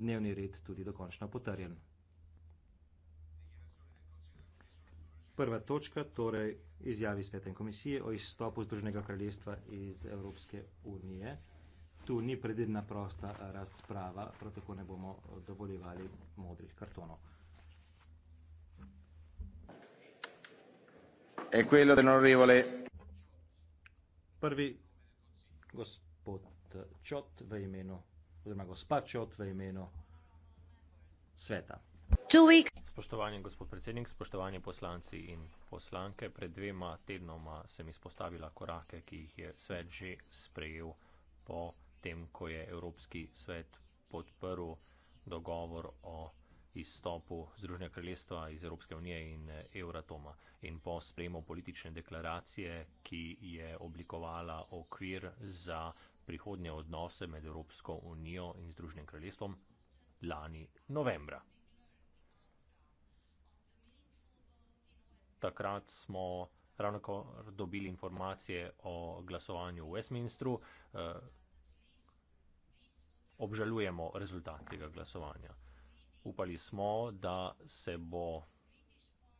dnevni red tudi dokončno potrjen. Prva točka, torej izjavi Svetem komisije o izstopu Združenega kraljestva iz Evropske unije. Tu ni predvidna prosta razprava, prav tako ne bomo dovoljevali modrih kartonov. È quello dell'onorevole. Prvi gospod Ciot, v imenu oziroma gospačot v imenu sveta. Spoštovani gospod predsednik, spoštovani poslanci in poslanke, pred dvema tednoma sem izpostavila korake, ki jih je svet že sprejel po tem, ko je Evropski svet podprl dogovor o izstopu Združenja kraljestva iz Evropske unije in eh, Euratoma in po sprejemu politične deklaracije, ki je oblikovala okvir za prihodnje odnose med Evropsko unijo in Združenim kraljestvom lani novembra. Takrat smo ravno dobili informacije o glasovanju v Westminstru. Eh, obžalujemo rezultat tega glasovanja. Upali smo, da se bo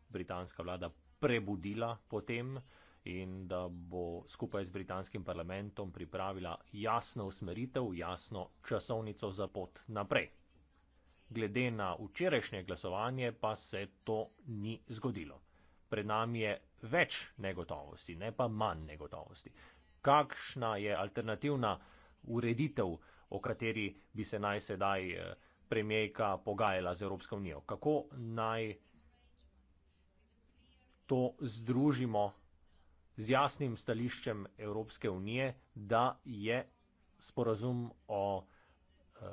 britanska vlada prebudila potem, eh, in da bo skupaj z britanskim parlamentom pripravila jasno usmeritev, jasno časovnico za pot naprej. Glede na včerajšnje glasovanje pa se to ni zgodilo. Pred nami je več negotovosti, ne pa manj negotovosti. Kakšna je alternativna ureditev, o kateri bi se naj sedaj eh, premijejka pogajala z Evropsko unijo? Kako naj to združimo z jasnim stališčem Evropske unije, da je sporazum o uh,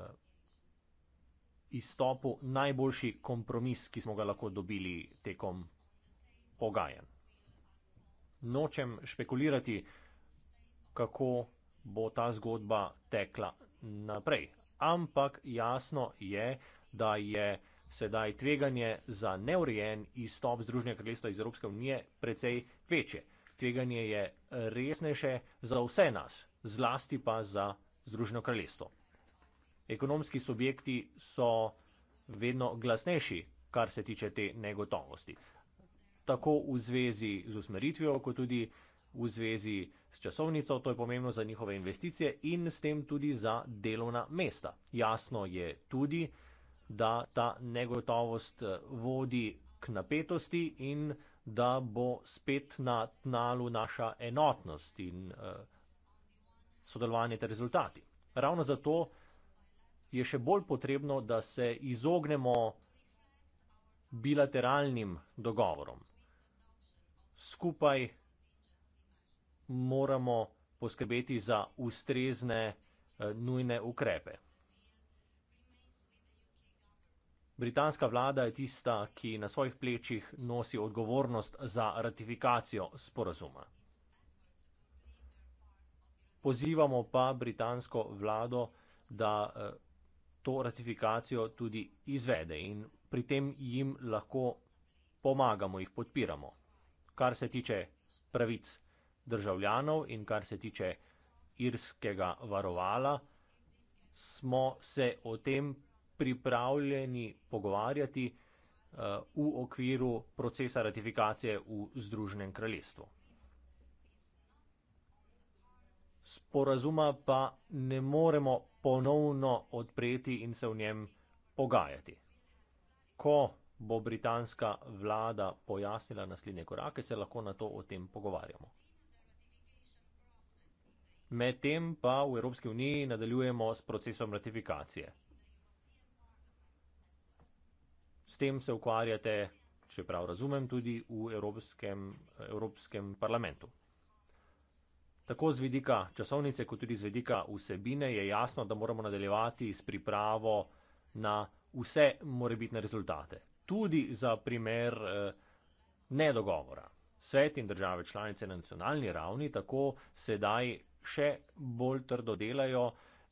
izstopu najboljši kompromis, ki smo ga lahko dobili tekom pogajanj. Nočem špekulirati, kako bo ta zgodba tekla naprej. Ampak jasno je, da je sedaj tveganje za neurejen izstop Združenega kraljestva iz Evropske unije precej večje tveganje je eh, resnejše za vse nas, zlasti pa za Združeno kraljestvo. Ekonomski subjekti so vedno glasnejši, kar se tiče te negotovosti. Tako v zvezi z usmeritvijo, kot tudi v zvezi s časovnico, to je pomembno za njihove investicije in s tem tudi za delovna mesta. Jasno je tudi, da ta negotovost eh, vodi k napetosti in da bo spet na tnalu naša enotnost in uh, sodelovanje ter rezultati. Ravno zato je še bolj potrebno, da se izognemo bilateralnim dogovorom. Skupaj moramo poskrbeti za ustrezne uh, nujne ukrepe. Britanska vlada je tista, ki na svojih plečih nosi odgovornost za ratifikacijo sporazuma. Pozivamo pa britansko vlado, da eh, to ratifikacijo tudi izvede in pri tem jim lahko pomagamo, jih podpiramo. Kar se tiče pravic državljanov in kar se tiče irskega varovala, smo se o tem pripravljeni pogovarjati eh, v okviru procesa ratifikacije v Združenem kraljestvu. Sporazuma pa ne moremo ponovno odpreti in se v njem pogajati. Ko bo britanska vlada pojasnila naslednje korake, se lahko na to o tem pogovarjamo. Medtem pa v Evropski uniji nadaljujemo s procesom ratifikacije. S tem se ukvarjate, če prav razumem, tudi v Evropskem, Evropskem parlamentu. Tako z vidika časovnice, kot tudi z vidika vsebine, je jasno, da moramo nadaljevati s pripravo na vse morebitne rezultate. Tudi za primer eh, nedogovora. Svet in države članice na nacionalni ravni tako sedaj še bolj trdo delajo,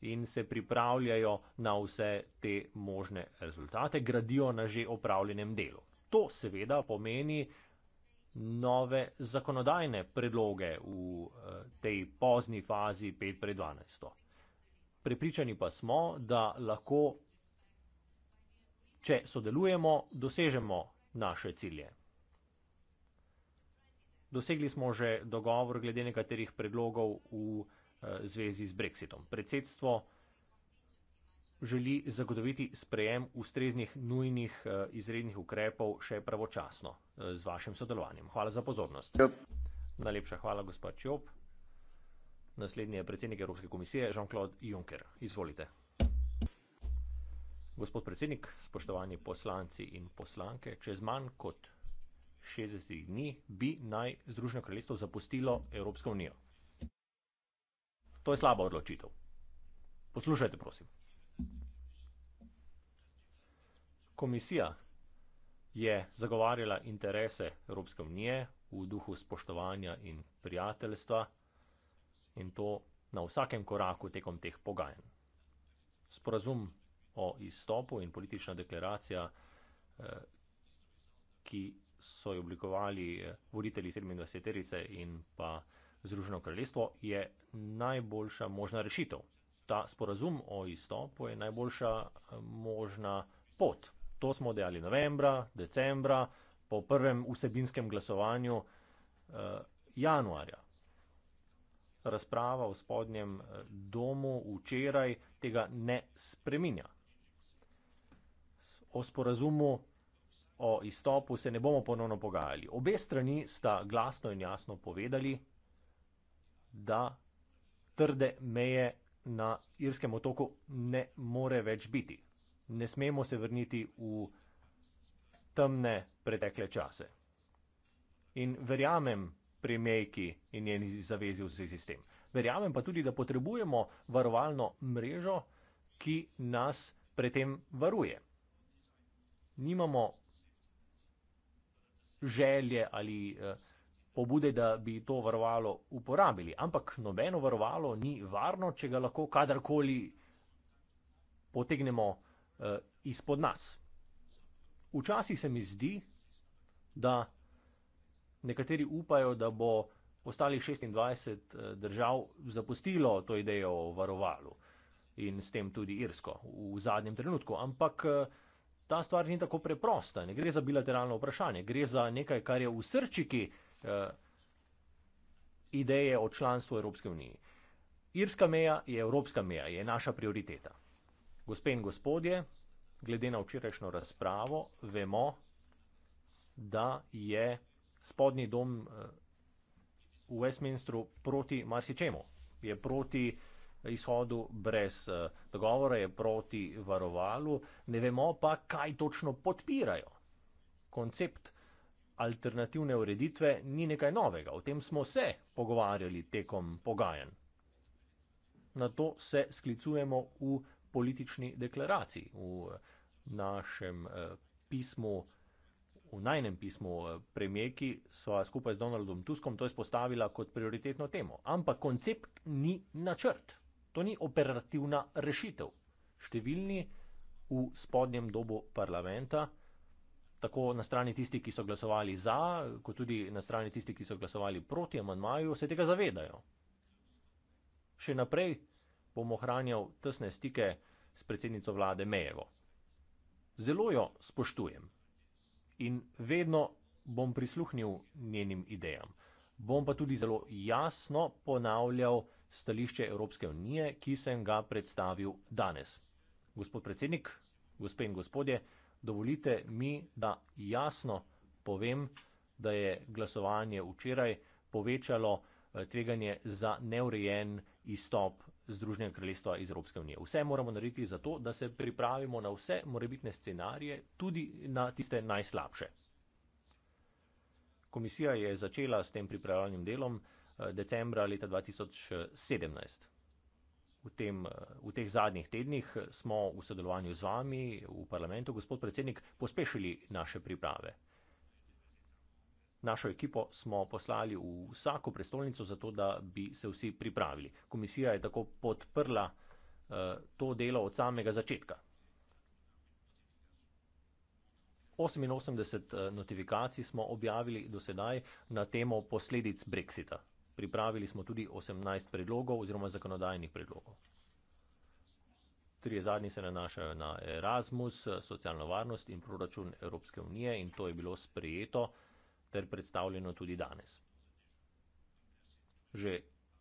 in se pripravljajo na vse te možne rezultate, gradijo na že opravljenem delu. To seveda pomeni nove zakonodajne predloge v eh, tej pozni fazi 5 pred 12. Prepričani pa smo, da lahko, če sodelujemo, dosežemo naše cilje. Dosegli smo že dogovor glede nekaterih predlogov v Eh, zvezi z brexitom. Predsedstvo želi zagotoviti sprejem ustreznih nujnih eh, izrednih ukrepov še pravočasno eh, z vašim sodelovanjem. Hvala za pozornost. Najlepša hvala, gospod Čop. Naslednji je predsednik Evropske komisije Jean-Claude Juncker. Izvolite. Gospod predsednik, spoštovani poslanci in poslanke, čez manj kot 60 dni bi naj Združeno kraljestvo zapustilo Evropsko unijo. To je slaba odločitev. Poslušajte, prosim. Komisija je zagovarjala interese Evropske unije v duhu spoštovanja in prijateljstva in to na vsakem koraku tekom teh pogajanj. Sporazum o izstopu in politična deklaracija, eh, ki so jo oblikovali eh, voditelji 27. in pa Združeno kraljestvo je najboljša možna rešitev. Ta sporazum o izstopu je najboljša eh, možna pot. To smo dejali novembra, decembra, po prvem vsebinskem glasovanju eh, januarja. Razprava v spodnjem eh, domu včeraj tega ne spreminja. O sporazumu o izstopu se ne bomo ponovno pogajali. Obe strani sta glasno in jasno povedali, da trde meje na irskem otoku ne more več biti. Ne smemo se vrniti v temne pretekle čase. In verjamem premijejki in njeni zavezi v zvezi s tem. Verjamem pa tudi, da potrebujemo varovalno mrežo, ki nas pred tem varuje. Nimamo želje ali eh, pobude, da bi to varovalo uporabili. Ampak nobeno varovalo ni varno, če ga lahko kadarkoli potegnemo eh, izpod nas. Včasih se mi zdi, da nekateri upajo, da bo ostalih eh, 26 držav zapustilo to idejo o varovalu in s tem tudi Irsko v zadnjem trenutku. Ampak eh, ta stvar ni tako preprosta, ne gre za bilateralno vprašanje, gre za nekaj, kar je v srčiki eh, uh, ideje o članstvu Evropske unije. Irska meja je evropska meja, je naša prioriteta. Gospe in gospodje, glede na včerajšnjo razpravo, vemo, da je spodnji dom uh, v Westminstru proti marsičemu. Je proti eh, izhodu brez uh, dogovora, je proti varovalu, ne vemo pa, kaj točno podpirajo. Koncept alternativne ureditve ni nekaj novega, o tem smo se pogovarjali tekom pogajanj. Na to se sklicujemo v politični deklaraciji, v našem eh, pismu, v najnem pismu eh, premijeki, sva skupaj z Donaldom Tuskom to izpostavila kot prioritetno temo. Ampak koncept ni načrt, to ni operativna rešitev. Številni v spodnjem dobu parlamenta tako na strani tistih, ki so glasovali za, kot tudi na strani tistih, ki so glasovali proti amandmaju, se tega zavedajo. Še naprej bom ohranjal tesne stike s predsednico vlade Mejevo. Zelo jo spoštujem in vedno bom prisluhnil njenim idejam. Bom pa tudi zelo jasno ponavljal stališče Evropske unije, ki sem ga predstavil danes. Gospod predsednik, gospe in gospodje, dovolite mi, da jasno povem, da je glasovanje včeraj povečalo eh, tveganje za neurejen izstop Združenega kraljestva iz Evropske unije. Vse moramo narediti za to, da se pripravimo na vse morebitne scenarije, tudi na tiste najslabše. Komisija je začela s tem pripravljalnim delom eh, decembra leta 2017. V, tem, v teh zadnjih tednih smo v sodelovanju z vami v parlamentu, gospod predsednik, pospešili naše priprave. Našo ekipo smo poslali v vsako prestolnico, zato da bi se vsi pripravili. Komisija je tako podprla uh, to delo od samega začetka. 88 eh, notifikacij smo objavili do sedaj na temo posledic brexita pripravili smo tudi 18 predlogov oziroma zakonodajnih predlogov. Trije zadnji se nanašajo na Erasmus, socialno varnost in proračun Evropske unije in to je bilo sprejeto ter predstavljeno tudi danes. Že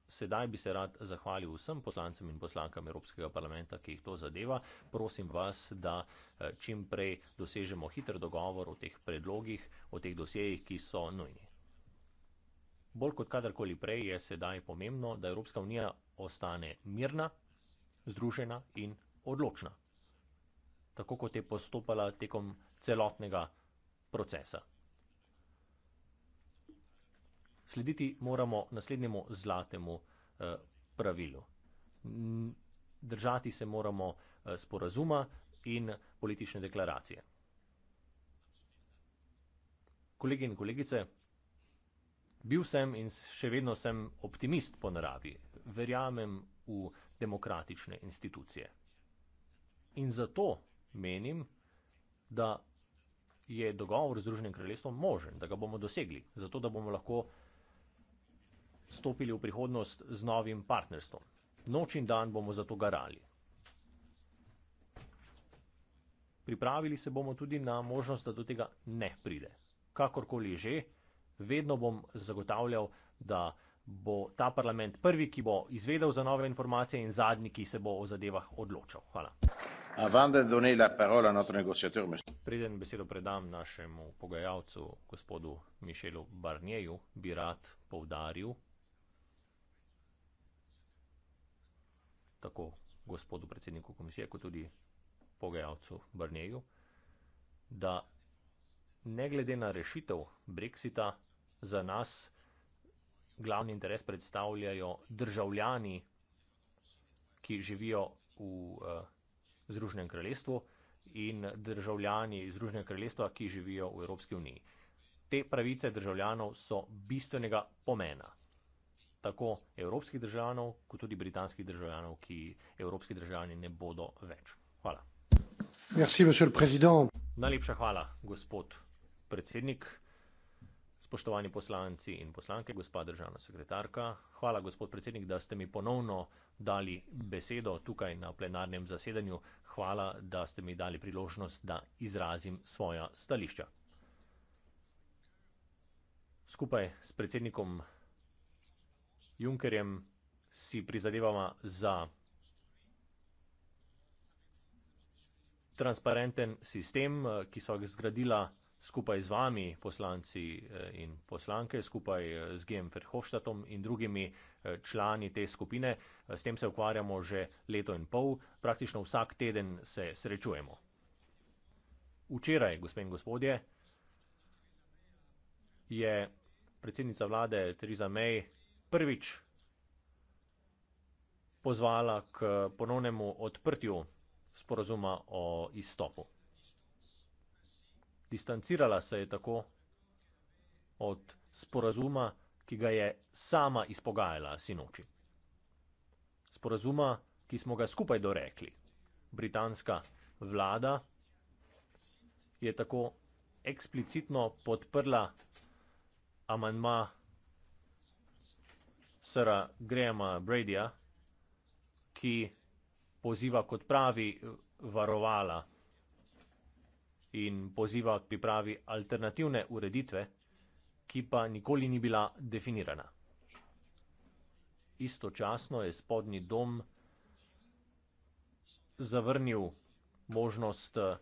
sedaj bi se rad zahvalil vsem poslancem in poslankam Evropskega parlamenta, ki jih to zadeva. Prosim vas, da eh, čim prej dosežemo hiter dogovor o teh predlogih, o teh dosjejih, ki so nujni. Bolj kot kadarkoli prej je sedaj pomembno, da Evropska unija ostane mirna, združena in odločna, tako kot je postopala tekom celotnega procesa. Slediti moramo naslednjemu zlatemu eh, pravilu. Držati se moramo eh, sporazuma in politične deklaracije. Kolegi in kolegice, bil sem in še vedno sem optimist po naravi. Verjamem v demokratične institucije. In zato menim, da je dogovor z Združenim kraljestvom možen, da ga bomo dosegli, zato da bomo lahko stopili v prihodnost z novim partnerstvom. Noč in dan bomo zato garali. Pripravili se bomo tudi na možnost, da do tega ne pride. Kakorkoli že, vedno bom zagotavljal, da bo ta parlament prvi, ki bo izvedel za nove informacije in zadnji, ki se bo o zadevah odločal. Hvala. Preden besedo predam našemu pogajalcu, gospodu Mišelu Barnjeju, bi rad povdaril, tako gospodu predsedniku komisije, kot tudi pogajalcu Barnjeju, da ne glede na rešitev brexita, za nas glavni interes predstavljajo državljani, ki živijo v uh, Združenem kraljestvu in državljani Združenega kraljestva, ki živijo v Evropski uniji. Te pravice državljanov so bistvenega pomena. Tako evropskih državljanov, kot tudi britanskih državljanov, ki evropski državljani ne bodo več. Hvala. Merci, Najlepša hvala, gospod predsednik, spoštovani poslanci in poslanke, gospa državna sekretarka. Hvala, gospod predsednik, da ste mi ponovno dali besedo tukaj na plenarnem zasedanju. Hvala, da ste mi dali priložnost, da izrazim svoja stališča. Skupaj s predsednikom Junkerjem si prizadevamo za transparenten sistem, ki so ga zgradila skupaj z vami, poslanci eh, in poslanke, skupaj eh, z Gem Verhofstadtom in drugimi eh, člani te skupine. S tem se ukvarjamo že leto in pol, praktično vsak teden se srečujemo. Včeraj, gospe in gospodje, je predsednica vlade Theresa May prvič pozvala k ponovnemu odprtju sporozuma o izstopu distancirala se je tako od sporazuma, ki ga je sama izpogajala sinoči. Sporazuma, ki smo ga skupaj dorekli. Britanska vlada je tako eksplicitno podprla amanma sra Grahama Bradyja, ki poziva kot pravi varovala in poziva k pripravi alternativne ureditve, ki pa nikoli ni bila definirana. Istočasno je spodnji dom zavrnil možnost eh,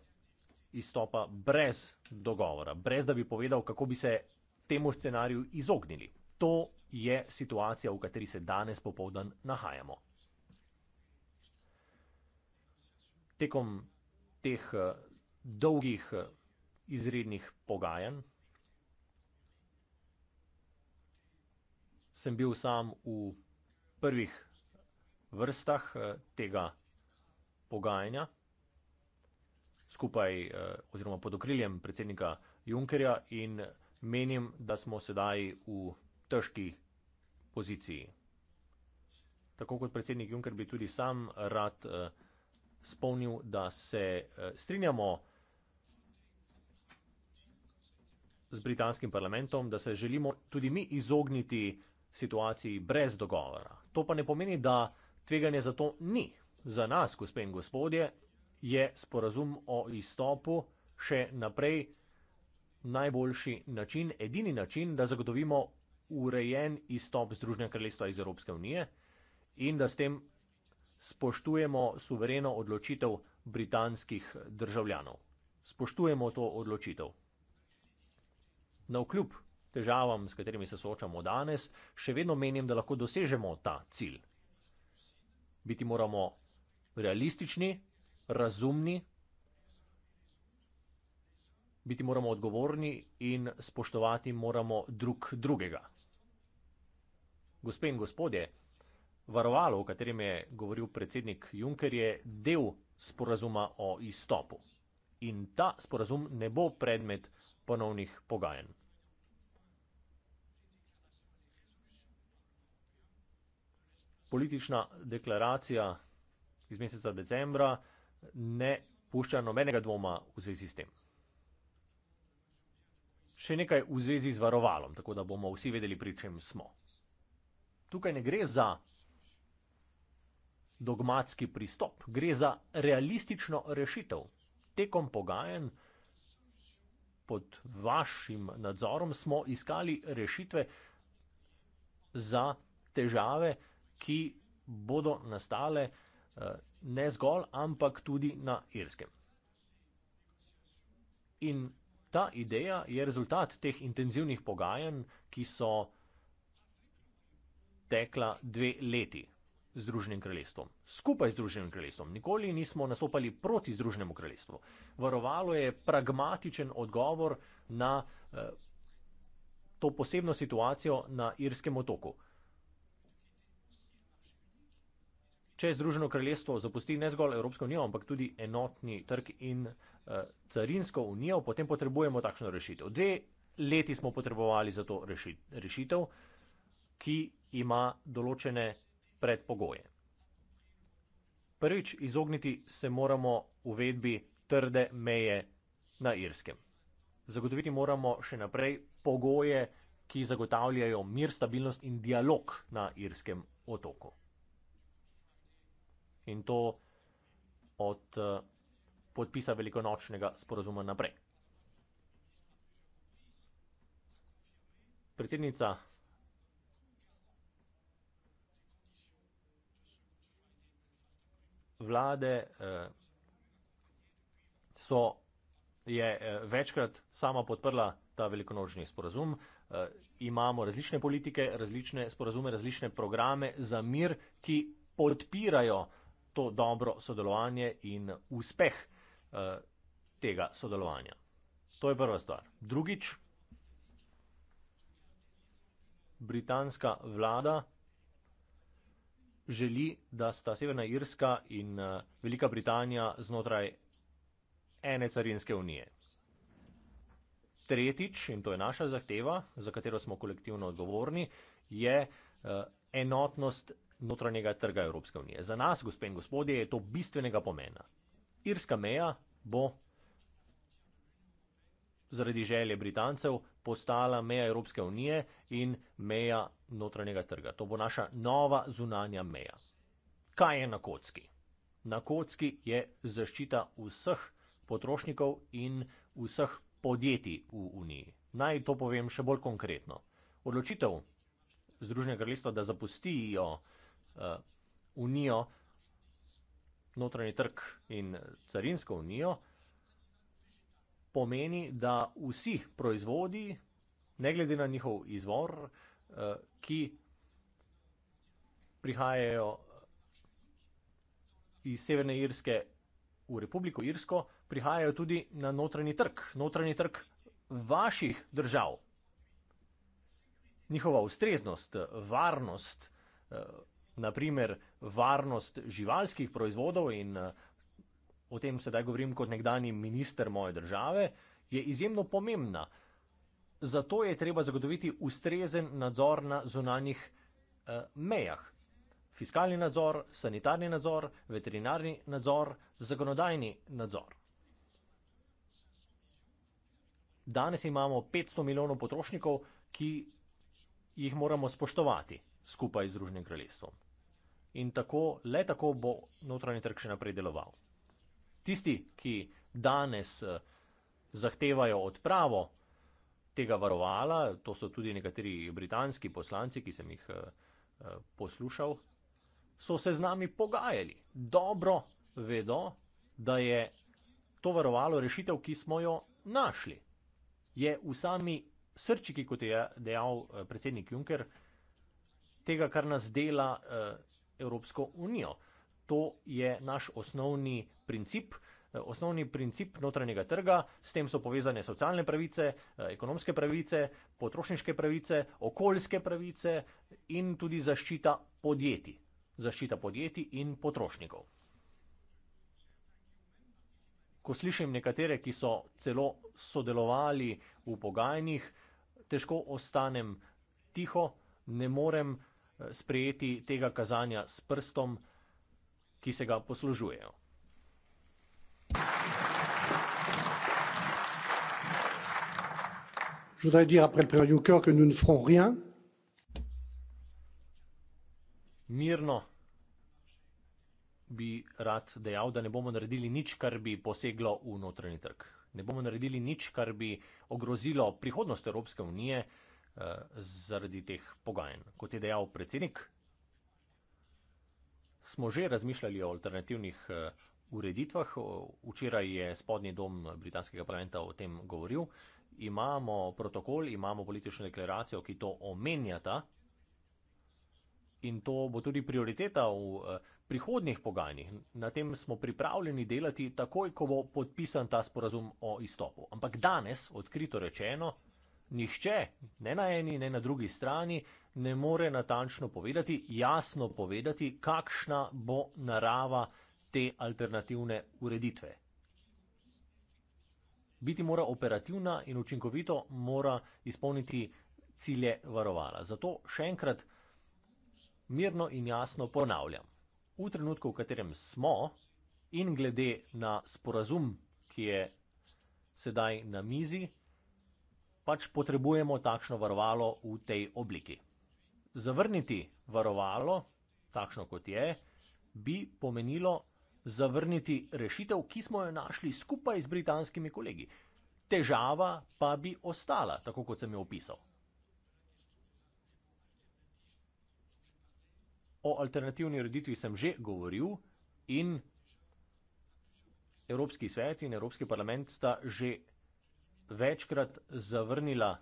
izstopa brez dogovora, brez da bi povedal, kako bi se temu scenariju izognili. To je situacija, v kateri se danes popovdan nahajamo. Tekom teh eh, dolgih eh, izrednih pogajanj. Sem bil sam v prvih vrstah eh, tega pogajanja, skupaj eh, oziroma pod okriljem predsednika Junkerja in menim, da smo sedaj v težki poziciji. Tako kot predsednik Junker bi tudi sam rad spomnil, da se strinjamo, da se strinjamo, z britanskim parlamentom, da se želimo tudi mi izogniti situaciji brez dogovora. To pa ne pomeni, da tveganje za to ni. Za nas, gospe in gospodje, je sporazum o izstopu še naprej najboljši način, edini način, da zagotovimo urejen izstop Združenega kraljestva iz Evropske unije in da s tem spoštujemo suvereno odločitev britanskih državljanov. Spoštujemo to odločitev. Na vkljub težavam, s katerimi se soočamo danes, še vedno menim, da lahko dosežemo ta cilj. Biti moramo realistični, razumni, biti moramo odgovorni in spoštovati moramo drug drugega. Gospe in gospodje, varovalo, o katerem je govoril predsednik Juncker, je del sporazuma o izstopu. In ta sporazum ne bo predmet ponovnih pogajanj. politična deklaracija iz meseca decembra ne pušča nobenega dvoma v zvezi s tem. Še nekaj v zvezi z varovalom, tako da bomo vsi vedeli, pri čem smo. Tukaj ne gre za dogmatski pristop, gre za realistično rešitev. Tekom pogajen pod vašim nadzorom smo iskali rešitve za težave, ki bodo nastale eh, ne zgolj, ampak tudi na Irskem. In ta ideja je rezultat teh intenzivnih pogajanj, ki so tekla dve leti z Združenim kraljestvom. Skupaj z Združenim kraljestvom. Nikoli nismo nasopali proti Združenemu kraljestvu. Varovalo je pragmatičen odgovor na eh, to posebno situacijo na irskem otoku. Eh, če Združeno kraljestvo zapusti ne zgolj Evropsko unijo, ampak tudi enotni trg in uh, carinsko unijo, potem potrebujemo takšno rešitev. Dve leti smo potrebovali za to reši, rešitev, ki ima določene predpogoje. Prvič, izogniti se moramo uvedbi trde meje na Irskem. Zagotoviti moramo še naprej pogoje, ki zagotavljajo mir, stabilnost in dialog na Irskem otoku in to od eh, podpisa velikonočnega sporozuma naprej. Predsednica vlade eh, so, je eh, večkrat sama podprla ta velikonočni sporozum. Imamo različne politike, različne sporozume, različne programe za mir, ki podpirajo vse, to dobro sodelovanje in uspeh eh, tega sodelovanja. To je prva stvar. Drugič, britanska vlada želi, da sta Severna Irska in eh, Velika Britanija znotraj ene carinske unije. Tretjič, in to je naša zahteva, za katero smo kolektivno odgovorni, je eh, enotnost notranjega trga Evropske unije. Za nas, gospe in gospodje, je to bistvenega pomena. Irska meja bo zaradi želje Britancev postala meja Evropske unije in meja notranjega trga. To bo naša nova zunanja meja. Kaj je na kocki? Na kocki je zaščita vseh potrošnikov in vseh podjetij v Uniji. Naj to povem še bolj konkretno. Odločitev Združenega kraljestva, da zapustijo uh, unijo, notranji trg in carinsko unijo, pomeni, da vsi proizvodi, ne glede na njihov izvor, uh, ki prihajajo iz Severne Irske v Republiko Irsko, prihajajo tudi na notranji trg, notranji trg vaših držav. Njihova ustreznost, varnost, eh, naprimer varnost živalskih proizvodov in eh, o tem sedaj govorim kot nekdani minister moje države, je izjemno pomembna. Zato je treba zagotoviti ustrezen nadzor na zunanjih eh, mejah. Fiskalni nadzor, sanitarni nadzor, veterinarni nadzor, zakonodajni nadzor. Danes imamo 500 milijonov potrošnikov, ki jih moramo spoštovati skupaj z Ružnim kraljestvom. In tako, le tako bo notranji trg še naprej deloval. Tisti, ki danes eh, zahtevajo odpravo tega varovala, to so tudi nekateri britanski poslanci, ki sem jih eh, eh, poslušal, so se z nami pogajali. Dobro vedo, da je to varovalo rešitev, ki smo jo našli. Je v sami srčiki, kot je dejal predsednik Juncker, tega, kar nas dela eh, Evropsko unijo. To je naš osnovni princip, eh, osnovni princip notranjega trga, s tem so povezane socialne pravice, eh, ekonomske pravice, potrošniške pravice, okoljske pravice in tudi zaščita podjetij, zaščita podjetij in potrošnikov. Ko slišim nekatere, ki so celo sodelovali v pogajanjih, težko ostanem tiho, ne morem sprejeti tega kazanja s prstom, ki se ga poslužujejo. Je voudrais dire après le prière du cœur que nous ne ferons rien. Mirno bi rad dejal, da ne bomo naredili nič, kar bi poseglo v notranji trg. Ne bomo naredili nič, kar bi ogrozilo prihodnost Evropske unije, uh, zaradi teh pogajanj. Kot je dejal predsednik, smo že razmišljali o alternativnih eh, ureditvah. Včeraj je spodnji dom britanskega parlamenta o tem govoril. Imamo protokol, imamo politično deklaracijo, ki to omenjata. In to bo tudi prioriteta v eh, prihodnih pogajanjih. Na tem smo pripravljeni delati takoj, ko bo podpisan ta sporazum o izstopu. Ampak danes, odkrito rečeno, nihče, ne na eni, ne na drugi strani, ne more natančno povedati, jasno povedati, kakšna bo narava te alternativne ureditve. Biti mora operativna in učinkovito mora izpolniti cilje varovala. Zato še enkrat mirno in jasno ponavljam. V trenutku, v katerem smo in glede na sporazum, ki je sedaj na mizi, pač potrebujemo takšno varovalo v tej obliki. Zavrniti varovalo, takšno kot je, bi pomenilo zavrniti rešitev, ki smo jo našli skupaj z britanskimi kolegi. Težava pa bi ostala, tako kot sem jo opisal. O alternativni roditvi sem že govoril in Evropski svet in Evropski parlament sta že večkrat zavrnila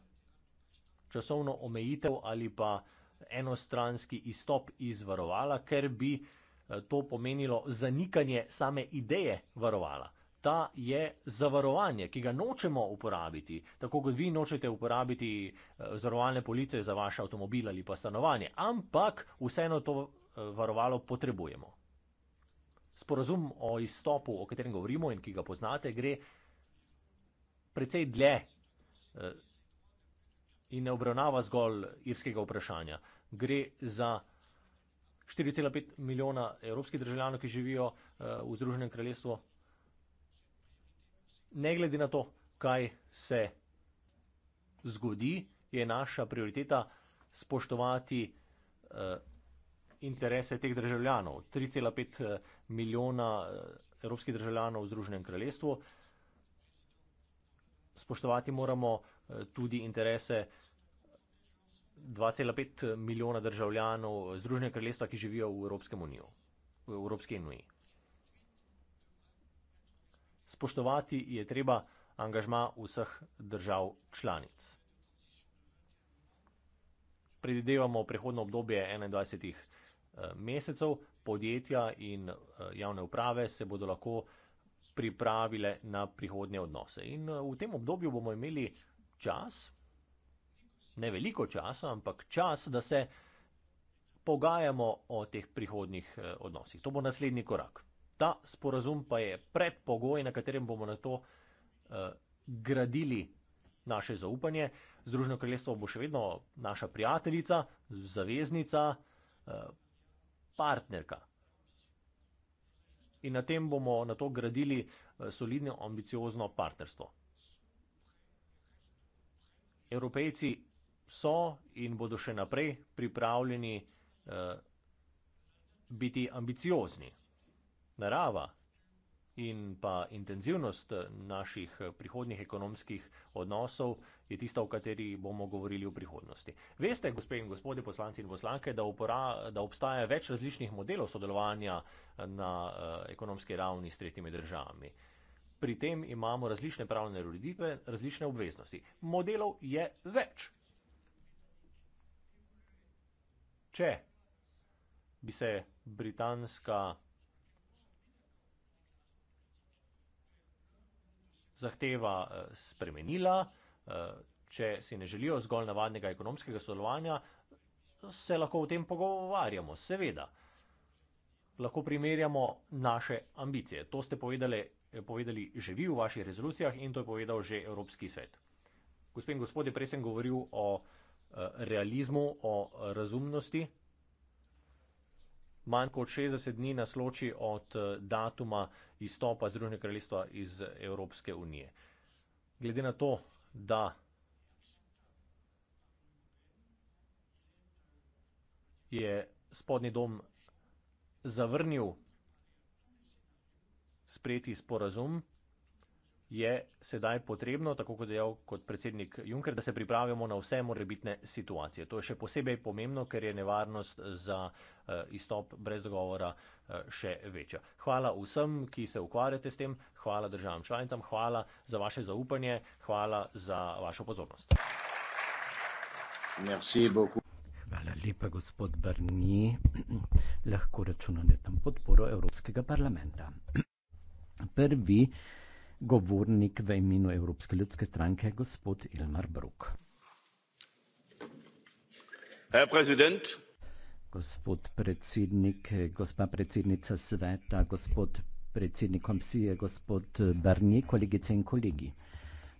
časovno omejitev ali pa enostranski izstop iz varovala, ker bi eh, to pomenilo zanikanje same ideje varovala. Ta je zavarovanje, ki ga nočemo uporabiti, tako kot vi nočete uporabiti eh, zavarovalne police za vaš avtomobil ali pa stanovanje, ampak vseeno to eh, varovalo potrebujemo. Sporazum o izstopu, o katerem govorimo in ki ga poznate, gre precej dlje eh, in ne obravnava zgolj irskega vprašanja. Gre za 4,5 milijona evropskih državljanov, ki živijo eh, v Združenem kraljestvu. Ne glede na to, kaj se zgodi, je naša prioriteta spoštovati eh, interese teh državljanov. 3,5 milijona evropskih državljanov v Združenem kraljestvu spoštovati moramo eh, tudi interese 2,5 milijona državljanov Združenega kraljestva, ki živijo v Evropskem uniju, v Evropski uniji. Spoštovati je treba angažma vseh držav članic. Predvidevamo prehodno obdobje 21 eh, mesecev, podjetja in eh, javne uprave se bodo lahko pripravile na prihodnje odnose. In eh, v tem obdobju bomo imeli čas, ne veliko časa, ampak čas, da se pogajamo o teh prihodnih eh, odnosih. To bo naslednji korak. Ta sporazum pa je predpogoj, na katerem bomo na to uh, gradili naše zaupanje. Združeno kraljestvo bo še vedno naša prijateljica, zaveznica, uh, partnerka in na tem bomo na to gradili eh, solidno, ambiciozno partnerstvo. Evropejci so in bodo še naprej pripravljeni uh, biti ambiciozni. Narava in pa intenzivnost eh, naših eh, prihodnjih ekonomskih odnosov je tista, o kateri bomo govorili v prihodnosti. Veste, gospe in gospode poslanci in poslanke, da, upora, da obstaja več različnih modelov sodelovanja eh, na ekonomski ravni s tretjimi državami. Pri tem imamo različne pravne ureditve, različne obveznosti. Modelov je več. Če bi se britanska zahteva eh, spremenila, eh, če si ne želijo zgolj navadnega ekonomskega sodelovanja, se lahko o tem pogovarjamo, seveda. Lahko primerjamo naše ambicije. To ste povedali, eh, povedali že vi v vaših rezolucijah in to je povedal že Evropski svet. Gospod in gospodje, prej sem govoril o realizmu, o razumnosti, manj kot 60 dni nas loči od eh, datuma izstopa Združenega kraljestva iz Evropske unije. Glede na to, da je spodnji dom zavrnil sprejeti sporazum, je sedaj potrebno, tako kot je dejal kot predsednik Juncker, da se pripravimo na vse morebitne situacije. To je še posebej pomembno, ker je nevarnost za uh, izstop brez dogovora uh, še večja. Hvala vsem, ki se ukvarjate s tem, hvala državam članicam, hvala za vaše zaupanje, hvala za vašo pozornost. Hvala lepa, gospod Brni. Lahko računate na podporo Evropskega parlamenta. Prvi govornik v imenu Evropske ljudske stranke, gospod Ilmar Brok. Herr Präsident. Gospod predsednik, gospa predsednica sveta, gospod predsednik komisije, gospod Barnier, kolegice in kolegi.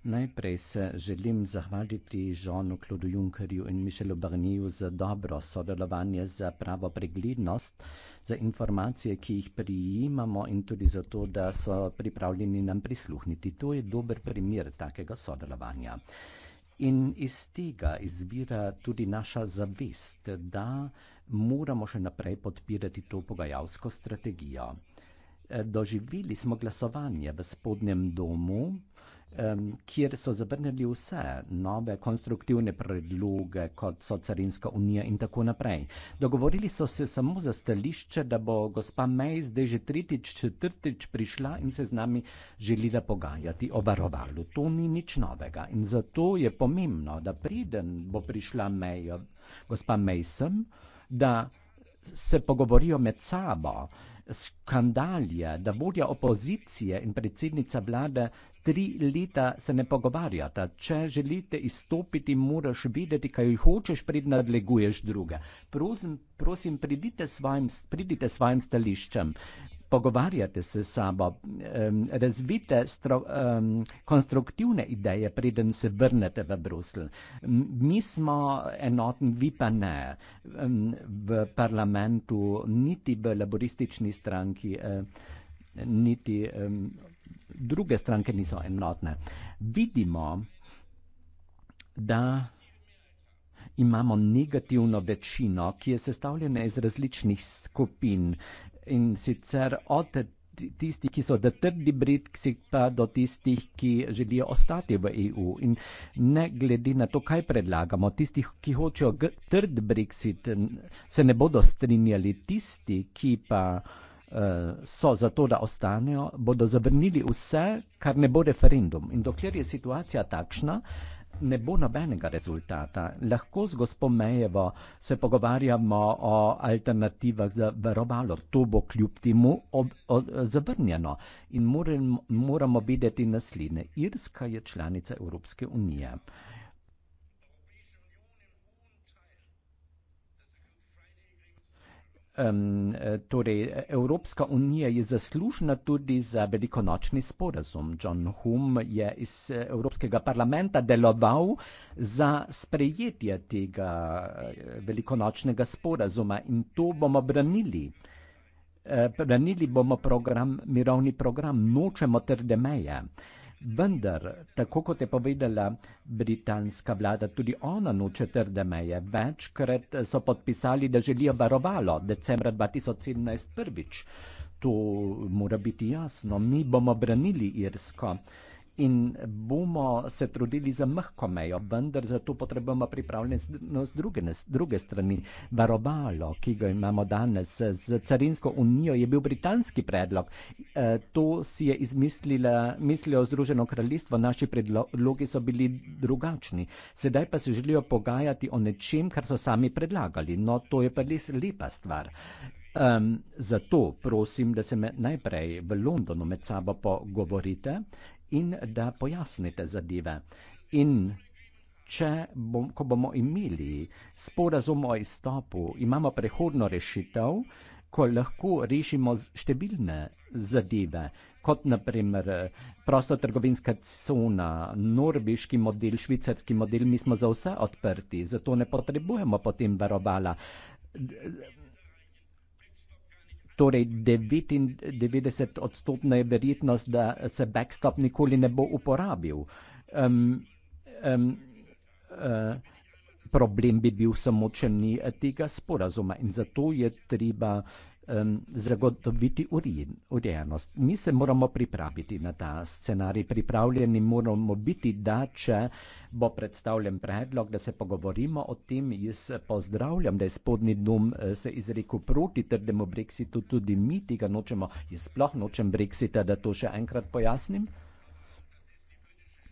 Najprej se želim zahvaliti Žonu Klodu Junkerju in Mišelu Barniju za dobro sodelovanje, za pravo preglednost, za informacije, ki jih prijimamo in tudi za to, da so pripravljeni nam prisluhniti. To je dober primer takega sodelovanja. In iz tega izvira tudi naša zavest, da moramo še naprej podpirati to pogajalsko strategijo. E, doživeli smo glasovanje v spodnjem domu, um, kjer so zavrnili vse nove konstruktivne predloge, kot so carinska unija in tako naprej. Dogovorili so se samo za stališče, da bo gospa Mej zdaj že tretjič, četrtič prišla in se z nami želila pogajati o varovalu. To ni nič novega in zato je pomembno, da preden bo prišla Mej, gospa Mej sem, da se pogovorijo med sabo. Skandal je, da vodja opozicije in predsednica vlade Tri leta se ne pogovarjata. Če želite izstopiti, moraš videti, kaj hočeš, prednadleguješ druge. Prosim, prosim pridite, svojim, pridite svojim stališčem. Pogovarjate se s sabo, um, razvite stro, um, konstruktivne ideje, preden se vrnete v Brusel. Mi smo enotni, vi pa ne. Um, v parlamentu, niti v laboristični stranki, um, niti. Um, druge stranke niso enotne. Vidimo, da imamo negativno večino, ki je sestavljena iz različnih skupin in sicer od tistih, ki so da trdi Britksi, pa do tistih, ki želijo ostati v EU. In ne glede na to, kaj predlagamo, tistih, ki hočejo trd Brexit, se ne bodo strinjali, tisti, ki pa so za to, da ostanejo, bodo zavrnili vse, kar ne bo referendum. In dokler je situacija takšna, ne bo nobenega rezultata. Lahko z gospomejevo se pogovarjamo o alternativah za verovalo. To bo kljub temu ob, ob, zavrnjeno. In moramo, moramo videti naslednje. Irska je članica Evropske unije. um, torej Evropska unija je zaslužena tudi za velikonočni sporazum. John Hume je iz eh, Evropskega parlamenta deloval za sprejetje tega eh, velikonočnega sporazuma in to bomo branili. Branili bomo program, mirovni program, nočemo trde meje. Vendar, tako kot je povedala britanska vlada, tudi ona noče trde meje. Večkrat so podpisali, da želijo varovalo, decembra 2017 prvič. To mora biti jasno, mi bomo branili Irsko in bomo se trudili za mehko mejo, vendar za to potrebujemo pripravljenost druge, druge strani. Varovalo, ki ga imamo danes z carinsko unijo, je bil britanski predlog. E, to si je izmislila, mislijo Združeno kraljestvo, naši predlogi so bili drugačni. Sedaj pa se želijo pogajati o nečem, kar so sami predlagali. No, to je pa res lepa stvar. Um, zato prosim, da se me najprej v Londonu med sabo pogovorite in da pojasnite zadeve. In če bom, ko bomo imeli sporazum o izstopu, imamo prehodno rešitev, ko lahko rešimo številne zadeve, kot naprimer eh, prostotrgovinska cona, norveški model, švicarski model, mi smo za vse odprti, zato ne potrebujemo potem varovala torej 99-odstotna je verjetnost, da se backstop nikoli ne bo uporabil. Um, um, uh, problem bi bil samo, če ni eh, tega sporazuma in zato je treba uh, um, zagotoviti urejenost. Mi se moramo pripraviti na ta scenarij, pripravljeni moramo biti, da če bo predstavljen predlog, da se pogovorimo o tem, jaz pozdravljam, da je spodnji dom eh, se izrekel proti trdemu brexitu, tudi mi tega nočemo, jaz sploh nočem brexita, da to še enkrat pojasnim.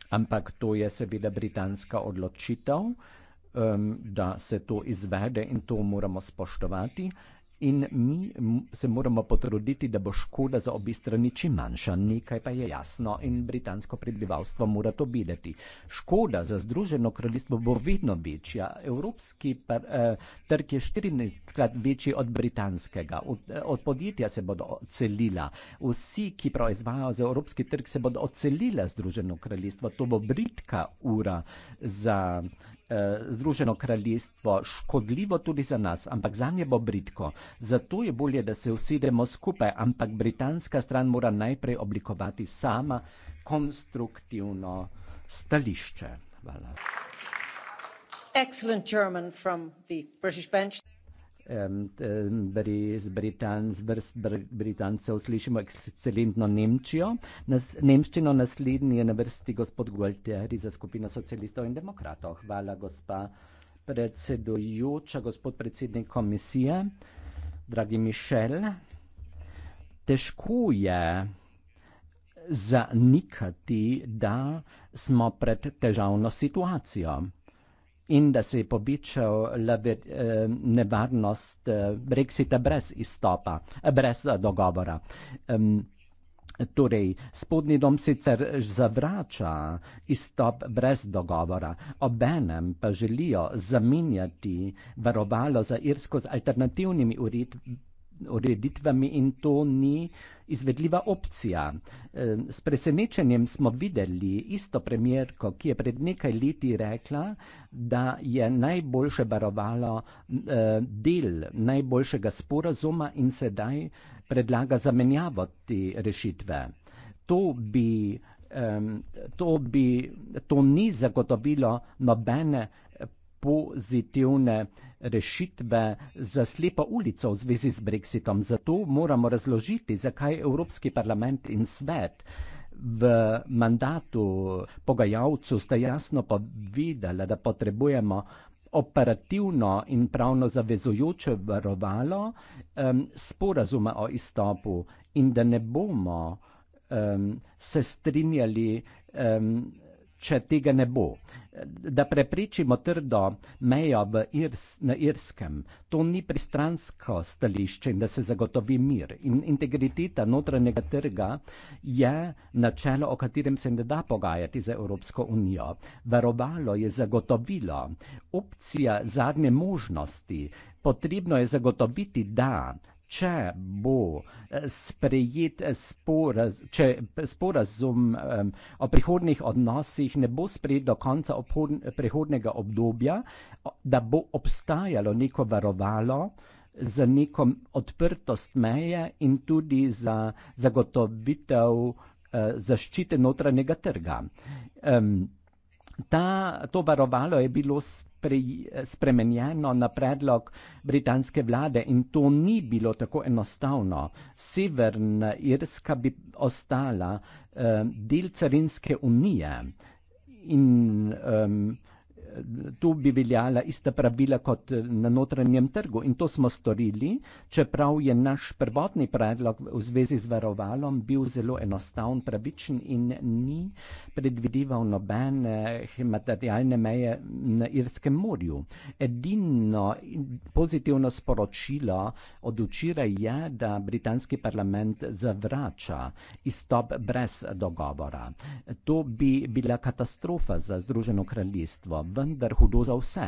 Ampak to je seveda britanska odločitev, um, da se to izvede in to moramo spoštovati. Uh, in mi se moramo potruditi, da bo škoda za obi strani čim manjša. Nekaj pa je jasno in britansko predljevalstvo mora to videti. Škoda za Združeno kraljestvo bo vedno večja. Evropski par, eh, trg je 14krat večji od britanskega. Od, eh, od podjetja se bodo odselila. Vsi, ki proizvajajo za Evropski trg, se bodo odselila Združeno kraljestvo. To bo britka ura za. Eh, Združeno kraljestvo škodljivo tudi za nas, ampak za nje bo britko. Zato je bolje, da se usidemo skupaj, ampak britanska stran mora najprej oblikovati sama konstruktivno stališče. Hvala. Excellent German from the British bench brez Britanc, brez Britancev slišimo ekscelentno Nemčijo. Nas, Nemščino naslednji je na vrsti gospod Gualtieri za skupino socialistov in demokratov. Hvala, gospa predsedujoča, gospod predsednik komisije, dragi Mišel. Težko je zanikati, da smo pred težavno situacijo in da se je pobičal laver, eh, nevarnost eh, brexita brez izstopa, eh, brez dogovora. Torej, spodnji dom sicer zavrača izstop brez dogovora, obenem pa želijo zamenjati varovalo za Irsko z alternativnimi uredbami ureditvami in to ni izvedljiva opcija. S presenečenjem smo videli isto premjerko, ki je pred nekaj leti rekla, da je najboljše barovalo del najboljšega sporazuma in sedaj predlaga zamenjavo te rešitve. To bi, to bi, to ni zagotovilo nobene pozitivne rešitve za slepo ulico v zvezi z brexitom. Zato moramo razložiti, zakaj Evropski parlament in svet v mandatu pogajalcu sta jasno povedala, da potrebujemo operativno in pravno zavezujoče varovalo um, sporazuma o izstopu in da ne bomo um, se strinjali, um, če tega ne bo da preprečimo trdo mejo Irs, na Irskem. To ni pristransko stališče in da se zagotovi mir. In integriteta notranjega trga je načelo, o katerem se ne da pogajati za Evropsko unijo. Varovalo je zagotovilo, opcija zadnje možnosti. Potrebno je zagotoviti, da če bo eh, sprejet eh, sporaz, če sporazum um, o prihodnih odnosih ne bo sprejet do konca prihodnega obdobja, da bo obstajalo neko varovalo za neko odprtost meje in tudi za zagotovitev uh, zaščite notranjega trga. Um, Ta, to varovalo je bilo spre, spremenjeno na predlog britanske vlade in to ni bilo tako enostavno. Severna Irska bi ostala eh, del carinske unije in eh, tu bi veljala ista pravila kot eh, na notranjem trgu in to smo storili, čeprav je naš prvotni predlog v zvezi z varovalom bil zelo enostavn, pravičen in ni predvidival nobene materialne meje na Irskem morju. Edino pozitivno sporočilo od včeraj je, da britanski parlament zavrača izstop brez dogovora. To bi bila katastrofa za Združeno kraljestvo. Vendar vendar hudo za vse.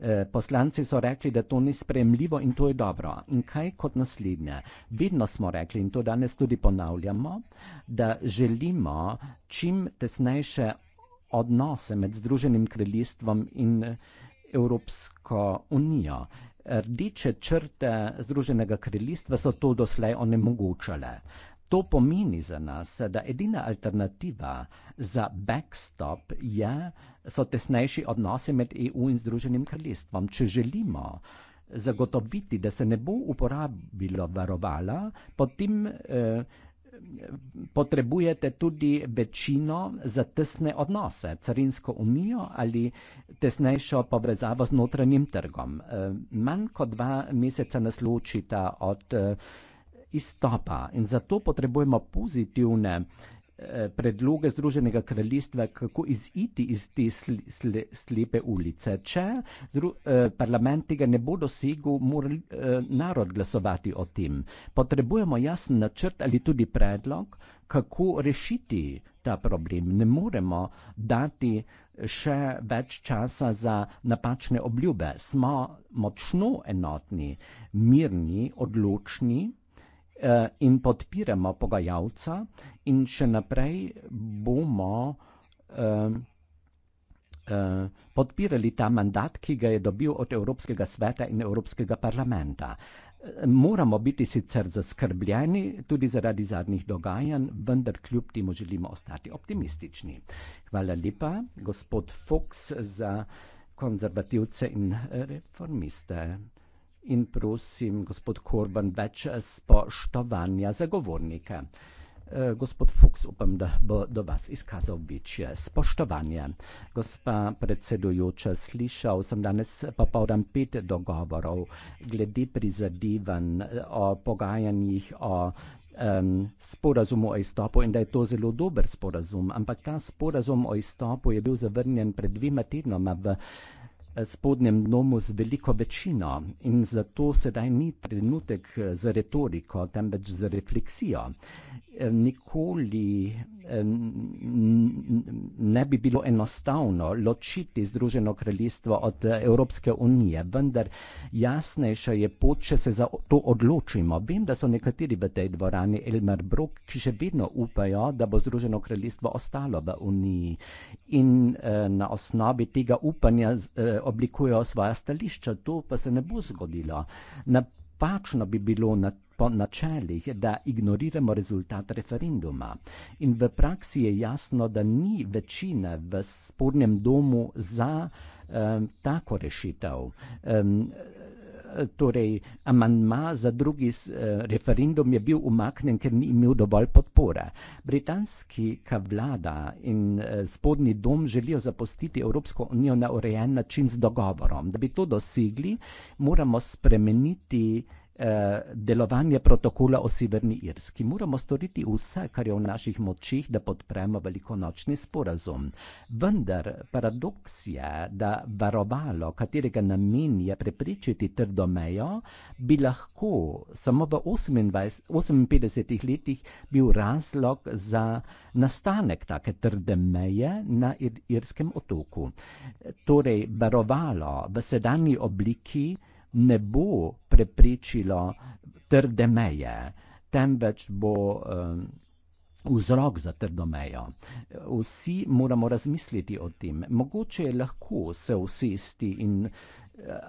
E, poslanci so rekli, da to ni spremljivo in to je dobro. In kaj kot naslednje? Vedno smo rekli in to danes tudi ponavljamo, da želimo čim tesnejše odnose med Združenim kraljestvom in Evropsko unijo. Rdeče črte Združenega kraljestva so to doslej onemogočale. To pomeni za nas, da edina alternativa za backstop je, so tesnejši odnosi med EU in Združenim kraljestvom. Če želimo zagotoviti, da se ne bo uporabilo varovala, potem eh, potrebujete tudi večino za tesne odnose, carinsko unijo ali tesnejšo povezavo z notranjim trgom. Eh, manj kot dva meseca nas ločita od. Eh, izstopa in zato potrebujemo pozitivne eh, predloge Združenega kraljestva, kako iziti iz te sli, sli, slepe ulice. Če zru, eh, parlament tega ne bo dosegel, mora eh, narod glasovati o tem. Potrebujemo jasen načrt ali tudi predlog, kako rešiti ta problem. Ne moremo dati eh, še več časa za napačne obljube. Smo močno enotni, mirni, odločni. Eh, in podpiramo pogajalca, in še naprej bomo eh, eh, podpirali ta mandat, ki ga je dobil od Evropskega sveta in Evropskega parlamenta. Moramo biti sicer zaskrbljeni tudi zaradi zadnjih dogajanj, vendar kljub temu želimo ostati optimistični. Hvala lepa, gospod Fox, za konzervativce in reformiste in prosim, gospod Korban, več spoštovanja zagovornike. E, gospod Fuchs, upam, da bo do vas izkazal večje spoštovanje. Gospa predsedujoča, slišal sem danes popoldan pet dogovorov glede prizadevanj e, o pogajanjih o um, sporazumu o izstopu in da je to zelo dober sporazum, ampak ta sporazum o izstopu je bil zavrnjen pred dvima tednoma v spodnjem domu z veliko večino in zato sedaj ni trenutek za retoriko, temveč za refleksijo. Eh, nikoli eh, ne bi bilo enostavno ločiti Združeno kraljestvo od eh, Evropske unije, vendar jasnejša je pot, če se za to odločimo. Vem, da so nekateri v tej dvorani Elmer Brok, ki še vedno upajo, da bo Združeno kraljestvo ostalo v uniji. In na osnovi tega upanja oblikujejo svoje stališča, to pa se ne bo zgodilo. Napačno bi bilo na, po načelih, da ignoriramo rezultat referenduma. In v praksi je jasno, da ni večine v spornem domu za eh, tako rešitev. Eh, torej amantma za drugi eh, referendum je bil umaknen, ker ni imel dovolj podpore. Britanska vlada in eh, spodnji dom želijo zapustiti Evropsko unijo na urejen način z dogovorom. Da bi to dosegli, moramo spremeniti eh, delovanje protokola o Severni Irski. Moramo storiti vse, kar je v naših močih, da podpremo velikonočni sporazum. Vendar paradoks je, da varovalo, katerega namen je prepričati trdo mejo, bi lahko samo v 28, 58 letih bil razlog za nastanek take trde meje na ir, irskem otoku. Torej, varovalo v sedanji obliki, ne bo preprečilo trde meje, temveč bo vzrok za trdo mejo. Vsi moramo razmisliti o tem. Mogoče je lahko se usesti in eh,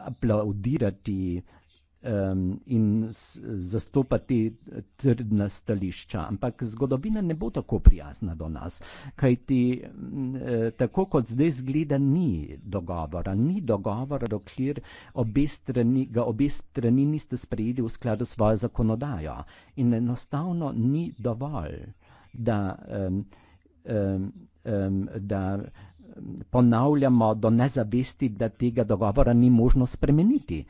aplaudirati um, in zastopati trdna stališča. Ampak zgodovina ne bo tako prijazna do nas, kajti mm, eh, tako kot zdaj zgleda, ni dogovora. Ni dogovora, dokler obe strani, ga obe strani niste sprejeli v skladu s svojo zakonodajo. In enostavno ni dovolj, da. Um, um, um Da um, ponavljamo do nezavesti, da tega dogovora ni možno spremeniti.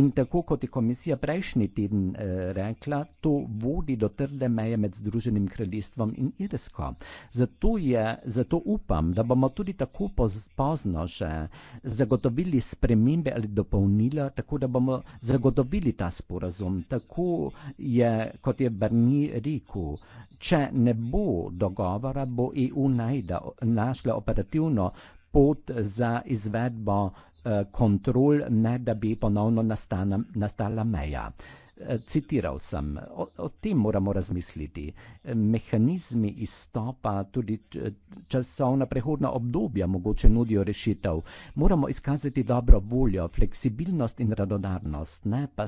In tako kot je komisija prejšnji teden eh, rekla, to vodi do trde meje med Združenim kraljestvom in Irsko. Zato, je, zato upam, da bomo tudi tako pozno že zagotovili spremembe ali dopolnila, tako da bomo zagotovili ta sporazum. Tako je, kot je Brni rekel, če ne bo dogovora, bo EU najda, našla operativno pot za izvedbo Eh, kontrol, ne da bi ponovno nastala, nastala meja citiral sem, o, o tem moramo razmisliti. Mehanizmi izstopa, tudi časovna prehodna obdobja mogoče nudijo rešitev. Moramo izkazati dobro voljo, fleksibilnost in radodarnost, ne pa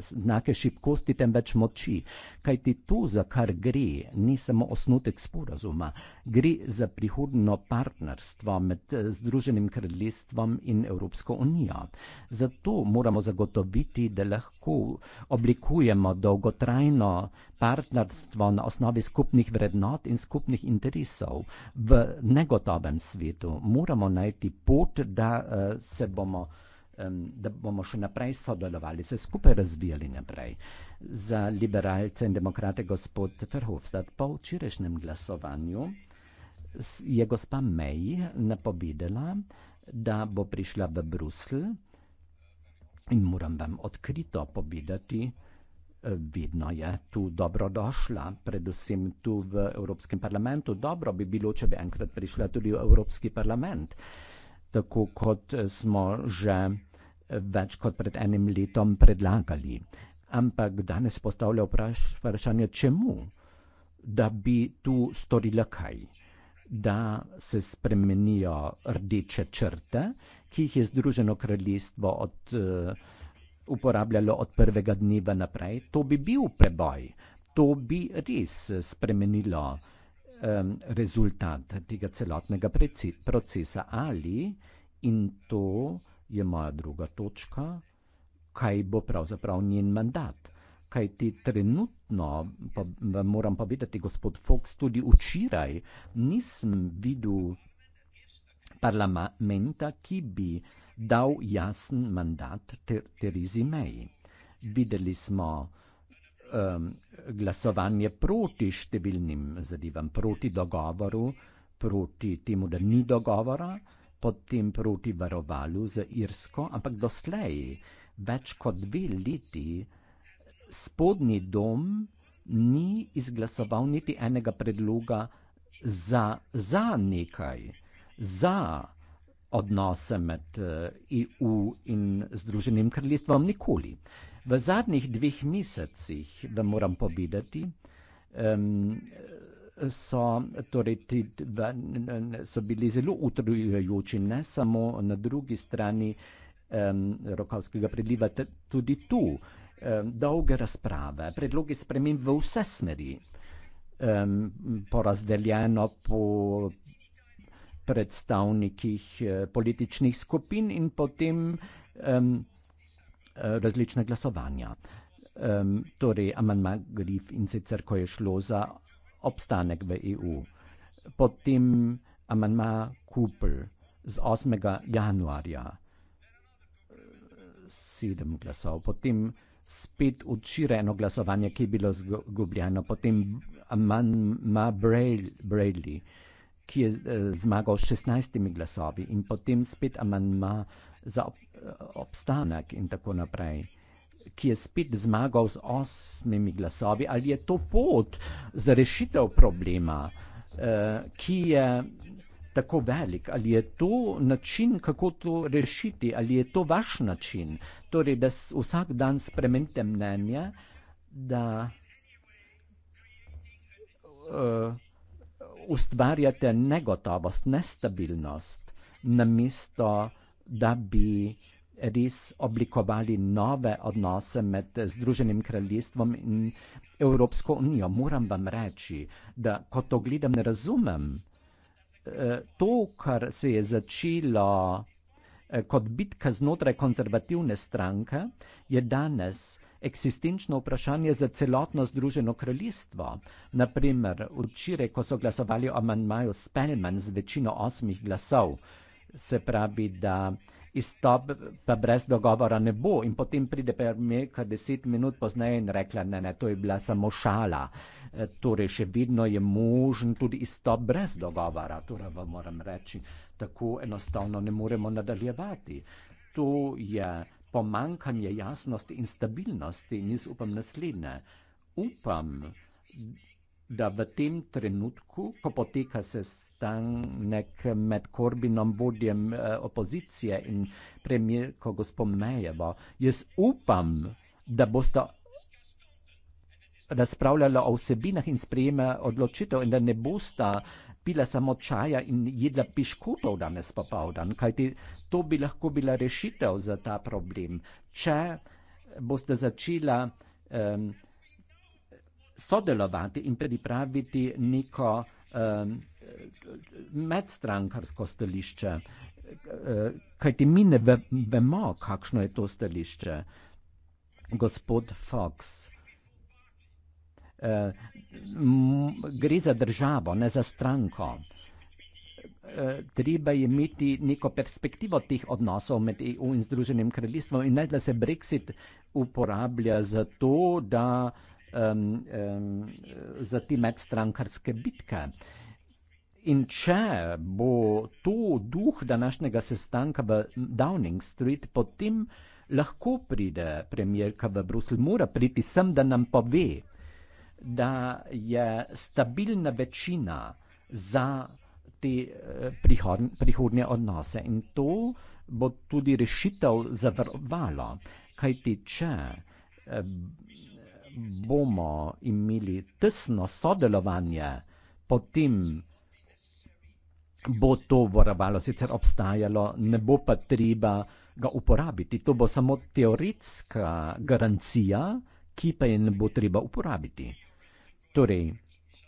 znake šibkosti, temveč moči. Kaj ti to, za kar gre, ni samo osnutek sporazuma, gre za prihodno partnerstvo med Združenim kraljestvom in Evropsko unijo. Zato moramo zagotoviti, da lahko oblikujemo dolgotrajno partnerstvo na osnovi skupnih vrednot in skupnih interesov. V negotovem svetu moramo najti pot, da uh, se bomo da bomo še naprej sodelovali, se skupaj razvijali naprej. Za liberalce in demokrate gospod Verhofstadt po včerajšnjem glasovanju je gospa May napovedala, da bo prišla v Bruselj In moram vam odkrito povedati, eh, vedno je tu dobrodošla, predvsem tu v Evropskem parlamentu. Dobro bi bilo, če bi enkrat prišla tudi v Evropski parlament. Tako kot eh, smo že eh, več kot pred enim letom predlagali. Ampak danes postavlja vprašanje, čemu? Da bi tu storila kaj? Da se spremenijo rdeče črte? ki jih je Združeno kraljestvo od, eh, uporabljalo od prvega dneva naprej. To bi bil preboj, to bi res eh, spremenilo um, rezultat tega celotnega procesa. Ali in to je moja druga točka, kaj bo pravzaprav njen mandat. Kaj ti trenutno, pa, moram povedati, gospod Fox, tudi včeraj nisem videl parlamenta, ki bi dal jasen mandat ter Terizi Meji. Videli smo um, glasovanje proti številnim zadevam, proti dogovoru, proti temu, da ni dogovora, potem proti varovalu za Irsko, ampak doslej več kot dve leti spodnji dom ni izglasoval niti enega predloga za, za nekaj za odnose med EU eh, e in Združenim kraljestvom nikoli. V zadnjih dveh mesecih, da moram povedati, um, so, torej, so bili zelo utrujujoči, ne samo na drugi strani um, rokovskega predliva, tudi tu um, dolge razprave, predlogi sprememb v vse smeri, um, porazdeljeno po predstavnikih eh, političnih skupin in potem um, eh, različne glasovanja. Um, torej, amandma Grif in sicer, ko je šlo za obstanek v EU. Potem amandma Kupl z 8. januarja, sedem glasov, potem spet odšireno glasovanje, ki je bilo zgubljeno, potem amandma Braille, Braille, ki je eh, zmagal s 16 glasovi in potem spet amanma za ob, eh, obstanek in tako naprej, ki je spet zmagal s 8 glasovi, ali je to pot za rešitev problema, eh, ki je tako velik, ali je to način, kako to rešiti, ali je to vaš način, torej, da vsak dan spremenite mnenje, da uh, ustvarjate negotovost, nestabilnost, namesto da bi res oblikovali nove odnose med Združenim kraljestvom in Evropsko unijo. Moram vam reči, da ko to gledam, ne razumem. Eh, to, kar se je začelo eh, kot bitka znotraj konzervativne stranke, je danes eksistenčno vprašanje za celotno Združeno kraljestvo. Naprimer, včeraj, ko so glasovali o manjmaju Spelman z večino osmih glasov, se pravi, da izstop pa brez dogovora ne bo in potem pride premijerka deset minut pozneje in rekla, ne, ne, to je bila samo šala. E, torej, še vedno je možen tudi izstop brez dogovora, torej vam moram reči, tako enostavno ne moremo nadaljevati. To je pomankanje jasnosti in stabilnosti in jaz upam naslednje. Upam, da v tem trenutku, ko poteka sestanek med Korbinom, vodjem eh, opozicije in premijerko gospod Mejevo, jaz upam, da boste razpravljali o vsebinah in sprejeme odločitev in da ne boste uh, pila samo čaja in jedla piškotov danes popovdan, kajti to bi lahko bila rešitev za ta problem. Če boste začela um, sodelovati in pripraviti neko um, medstrankarsko stališče, kajti mi ne vemo, kakšno je to stališče. Gospod Fox. Eh, gre za državo, ne za stranko. Eh, treba je imeti neko perspektivo teh odnosov med EU in Združenim kraljestvom in ne da se Brexit uporablja za to, da um, um, za te medstrankarske bitke. In če bo to duh današnjega sestanka v Downing Street, potem lahko pride premjerka v Bruselj, mora priti sem, da nam pove da je stabilna večina za te eh, prihodnje odnose. In to bo tudi rešitev zavrvalo, kajti če eh, bomo imeli tesno sodelovanje, potem bo to varovalo sicer obstajalo, ne bo pa treba ga uporabiti. To bo samo teoretska garancija, ki pa je ne bo treba uporabiti. Torej,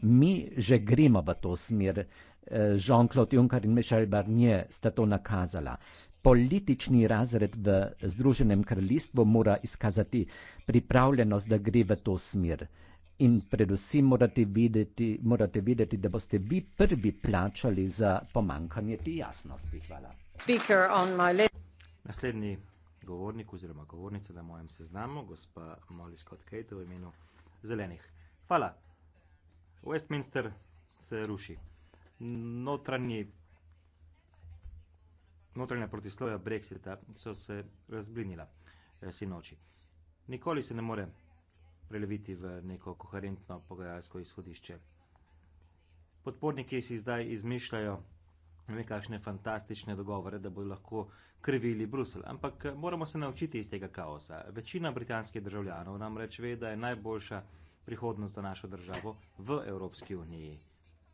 mi že gremo v to smer. Eh, Jean-Claude Juncker in Michel Barnier sta to nakazala. Politični razred v Združenem kraljestvu mora izkazati pripravljenost, da gre v to smer. In predvsem morate videti, morate videti, da boste vi prvi plačali za pomankanje te jasnosti. Hvala. Naslednji govornik oziroma govornica na mojem seznamu, gospa Molly Scott Kate v imenu zelenih. Hvala. Westminster se ruši. Notranji, notranja protislovja Brexita so se razblinila eh, si noči. Nikoli se ne more preleviti v neko koherentno pogajalsko izhodišče. Podporniki si zdaj izmišljajo nekakšne fantastične dogovore, da bodo lahko krivili Brusel. Ampak eh, moramo se naučiti iz tega kaosa. Večina britanskih državljanov namreč ve, da je najboljša prihodnost za našo državo v Evropski uniji.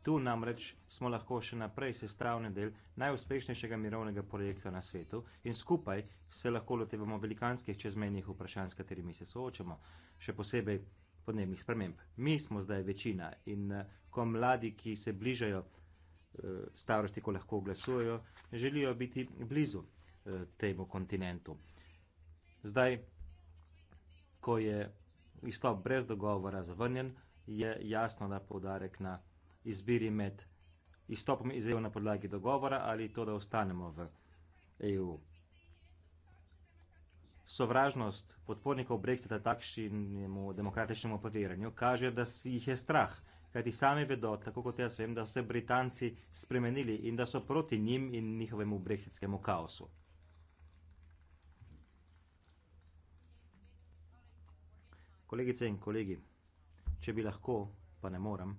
Tu namreč smo lahko še naprej sestavni del najuspešnejšega mirovnega projekta na svetu in skupaj se lahko lotevamo velikanskih čezmenjih vprašanj, s katerimi se soočamo, še posebej podnebnih sprememb. Mi smo zdaj večina in eh, ko mladi, ki se bližajo eh, starosti, ko lahko glasujejo, želijo biti blizu eh, temu kontinentu. Zdaj, ko je izstop brez dogovora zavrnjen, je jasno, da povdarek na izbiri med izstopom iz EU na podlagi dogovora ali to, da ostanemo v EU. Sovražnost podpornikov Brexita takšnemu demokratičnemu poveranju kaže, da si jih je strah, kajti sami vedo, tako kot jaz vem, da so se Britanci spremenili in da so proti njim in njihovemu brexitskemu kaosu. Kolegice in kolegi, če bi lahko, pa ne morem,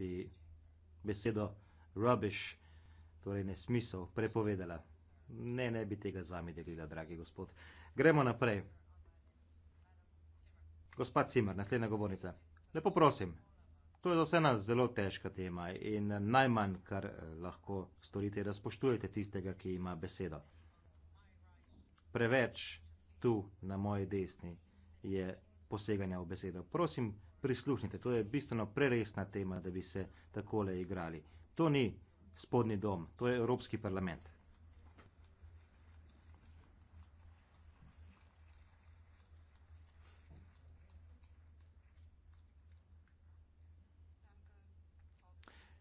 bi besedo rubbish, torej nesmisel, prepovedala. Ne, ne bi tega z vami delila, dragi gospod. Gremo naprej. Gospa Cimer, naslednja govornica. Lepo prosim, to je za vse nas zelo težka tema in najmanj, kar eh, lahko storite, je, da spoštujete tistega, ki ima besedo. Preveč tu na moji desni je poseganje v besedo. Prosim, prisluhnite, to je bistveno preresna tema, da bi se takole igrali. To ni spodnji dom, to je Evropski parlament.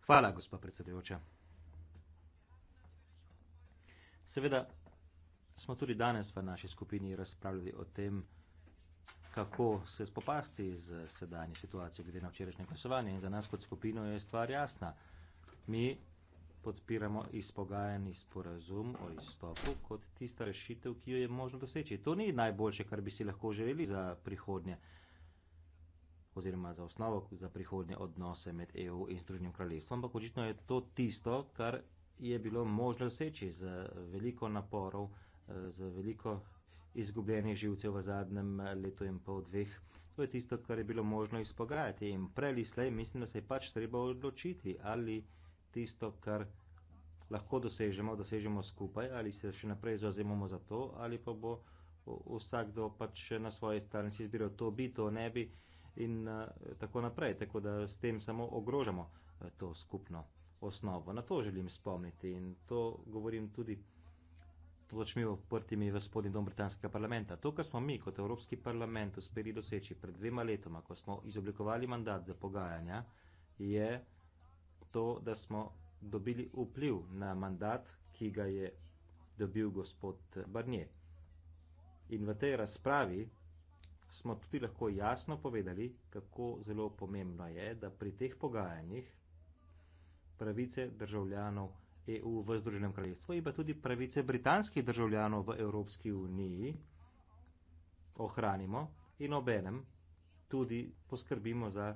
Hvala, gospa predsedujoča. Seveda smo tudi danes v naši skupini razpravljali o tem, kako se spopasti z sedanje situacijo glede na včerajšnje glasovanje. In za nas kot skupino je stvar jasna. Mi podpiramo izpogajani sporazum o izstopu kot tista rešitev, ki jo je možno doseči. To ni najboljše, kar bi si lahko želeli za prihodnje oziroma za osnovo za prihodnje odnose med EU in Združenim kraljestvom, ampak očitno je to tisto, kar je bilo možno doseči z veliko naporov, eh, z veliko izgubljenih živcev v zadnjem eh, letu in pol dveh. To je tisto, kar je bilo možno izpogajati in prej ali slej mislim, da se je pač treba odločiti ali tisto, kar lahko dosežemo, dosežemo skupaj ali se še naprej zauzemamo za to ali pa bo vsakdo pač na svoje strani si izbiral to bi, to ne bi in uh, tako naprej, tako da s tem samo ogrožamo uh, to skupno osnovo. Na to želim spomniti in to govorim tudi določmi oprtimi v spodnji dom britanskega parlamenta. To, kar smo mi kot Evropski parlament uspeli doseči pred dvema letoma, ko smo izoblikovali mandat za pogajanja, je to, da smo dobili vpliv na mandat, ki ga je dobil gospod Barnier. In v tej razpravi smo tudi lahko jasno povedali, kako zelo pomembno je, da pri teh pogajanjih pravice državljanov. EU v Združenem kraljestvu in pa tudi pravice britanskih državljanov v Evropski uniji ohranimo in obenem tudi poskrbimo za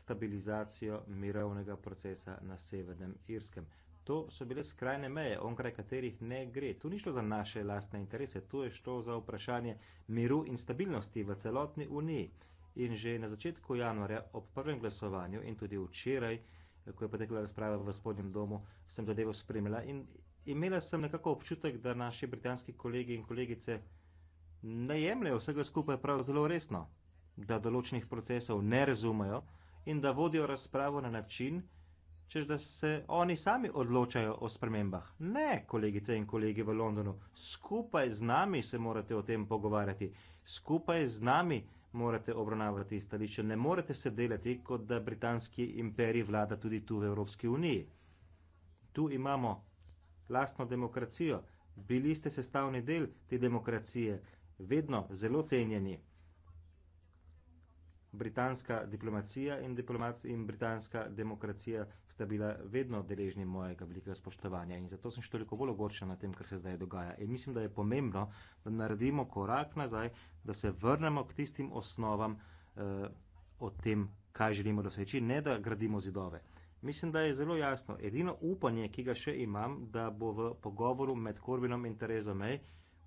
stabilizacijo mirovnega procesa na Severnem Irskem. To so bile skrajne meje, onkraj katerih ne gre. Tu ni šlo za naše lastne interese, tu je šlo za vprašanje miru in stabilnosti v celotni uniji. In že na začetku januarja ob prvem glasovanju in tudi včeraj ko je potekla razprava v spodnjem domu, sem zadevo spremljala. In imela sem nekako občutek, da naši britanski kolegi in kolegice ne jemljajo vsega skupaj prav zelo resno, da določenih procesov ne razumejo in da vodijo razpravo na način, čež da se oni sami odločajo o spremembah. Ne, kolegice in kolegi v Londonu, skupaj z nami se morate o tem pogovarjati, skupaj z nami morate obravnavati stališče. Ne morete se delati, kot da britanski imperij vlada tudi tu v Evropski uniji. Tu imamo lastno demokracijo, bili ste sestavni del te demokracije, vedno zelo cenjeni britanska diplomacija in, diplomac in britanska demokracija sta bila vedno deležni mojega velikega spoštovanja in zato sem še toliko bolj ogorčen na tem, kar se zdaj dogaja. In mislim, da je pomembno, da naredimo korak nazaj, da se vrnemo k tistim osnovam eh, o tem, kaj želimo doseči, ne da gradimo zidove. Mislim, da je zelo jasno. Edino upanje, ki ga še imam, da bo v pogovoru med Korbinom in Terezo May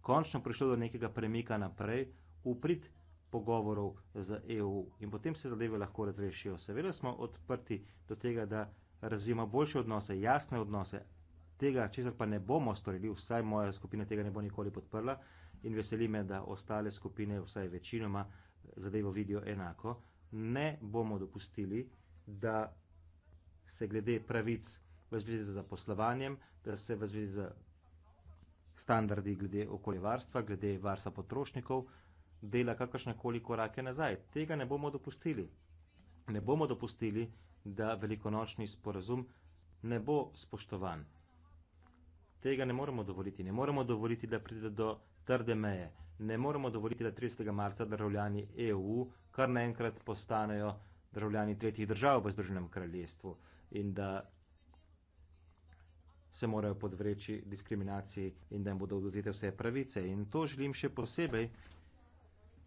končno prišlo do nekega premika naprej, uprit pogovorov z EU in potem se zadeve lahko razrešijo. Seveda smo odprti do tega, da razvijemo boljše odnose, jasne odnose. Tega, česar pa ne bomo storili, vsaj moja skupina tega ne bo nikoli podprla in veseli me, da ostale skupine, vsaj večinoma, zadevo vidijo enako, ne bomo dopustili, da se glede pravic v zvezi z zaposlovanjem, da se v zvezi z standardi glede okoljevarstva, glede varstva potrošnikov, dela kakršne koli korake nazaj. Tega ne bomo dopustili. Ne bomo dopustili, da velikonočni sporazum ne bo spoštovan. Tega ne moremo dovoliti. Ne moremo dovoliti, da pride do trde meje. Ne moremo dovoliti, da 30. marca državljani EU kar naenkrat postanejo državljani tretjih držav v Združenem kraljestvu in da se morajo podvreči diskriminaciji in da jim bodo oduzete vse pravice. In to želim še posebej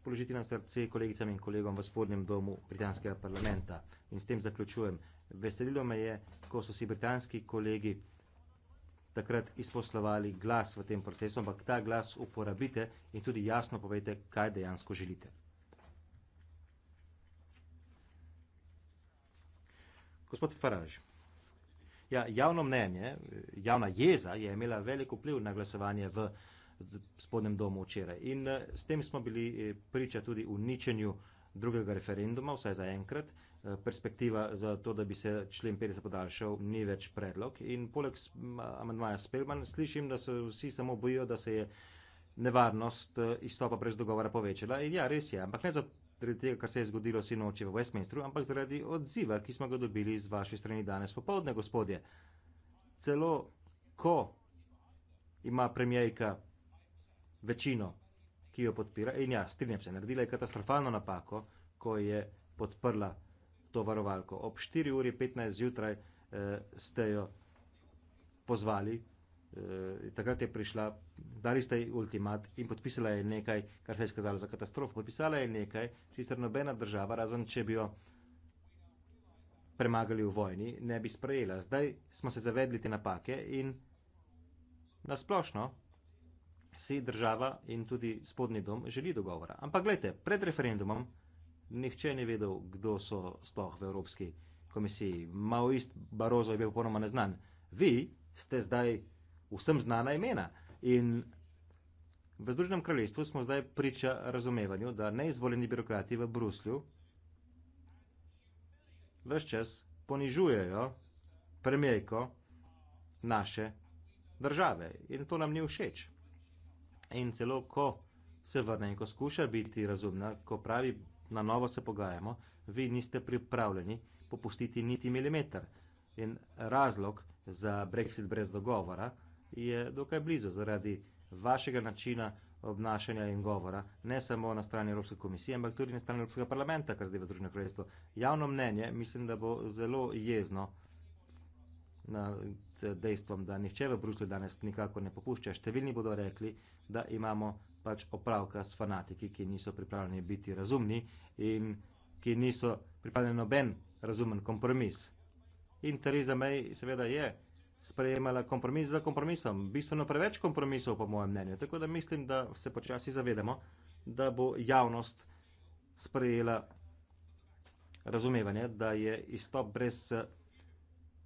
položiti na srce kolegicam in kolegom v spodnjem domu britanskega parlamenta. In s tem zaključujem. Veselilo me je, ko so si britanski kolegi takrat izposlovali glas v tem procesu, ampak ta glas uporabite in tudi jasno povejte, kaj dejansko želite. Gospod Faraž, ja, javno mnenje, javna jeza je imela velik vpliv na glasovanje v spodnjem domu včeraj. In eh, s tem smo bili eh, priča tudi uničenju drugega referenduma, vsaj za enkrat. Eh, perspektiva za to, da bi se člen 50 podaljšal, ni več predlog. In poleg amandmaja Spelman slišim, da se vsi samo bojijo, da se je nevarnost izstopa brez dogovora povečala. In ja, res je, ampak ne zaradi tega, kar se je zgodilo sinoči v Westminsteru, ampak zaradi odziva, ki smo ga dobili z vaše strani danes popovdne, gospodje. Celo ko ima premijejka večino, ki jo podpira. In ja, strinjam se, naredila je katastrofalno napako, ko je podprla to varovalko. Ob 4 uri 15 zjutraj eh, ste jo pozvali, eh, takrat je prišla, dali ste ji ultimat in podpisala je nekaj, kar se je skazalo za katastrofo. Podpisala je nekaj, čistar nobena država, razen če bi jo premagali v vojni, ne bi sprejela. Zdaj smo se zavedli te napake in nasplošno se država in tudi spodnji dom želi dogovora. Ampak gledajte, pred referendumom nihče ni vedel, kdo so sploh v Evropski komisiji. Maoist Barozo je bil ponoma neznan. Vi ste zdaj vsem znana imena in v Združenem kraljestvu smo zdaj priča razumevanju, da neizvoljeni birokrati v Bruslju več čas ponižujejo premijejko naše države in to nam ni všeč. In celo, ko se vrne in ko skuša biti razumna, ko pravi, na novo se pogajamo, vi niste pripravljeni popustiti niti milimeter. In razlog za Brexit brez dogovora je dokaj blizu, zaradi vašega načina obnašanja in govora, ne samo na strani Evropske komisije, ampak tudi na strani Evropskega parlamenta, kar zdaj v Združeno kraljestvo. Javno mnenje mislim, da bo zelo jezno nad dejstvom, da nihče v Bruslju danes nikako ne popušča. Številni bodo rekli, da imamo pač opravka s fanatiki, ki niso pripravljeni biti razumni in ki niso pripravljeni noben razumen kompromis. In Theresa May seveda je sprejemala kompromis za kompromisom, bistveno preveč kompromisov, po mojem mnenju. Tako da mislim, da se počasi zavedamo, da bo javnost sprejela razumevanje, da je izstop brez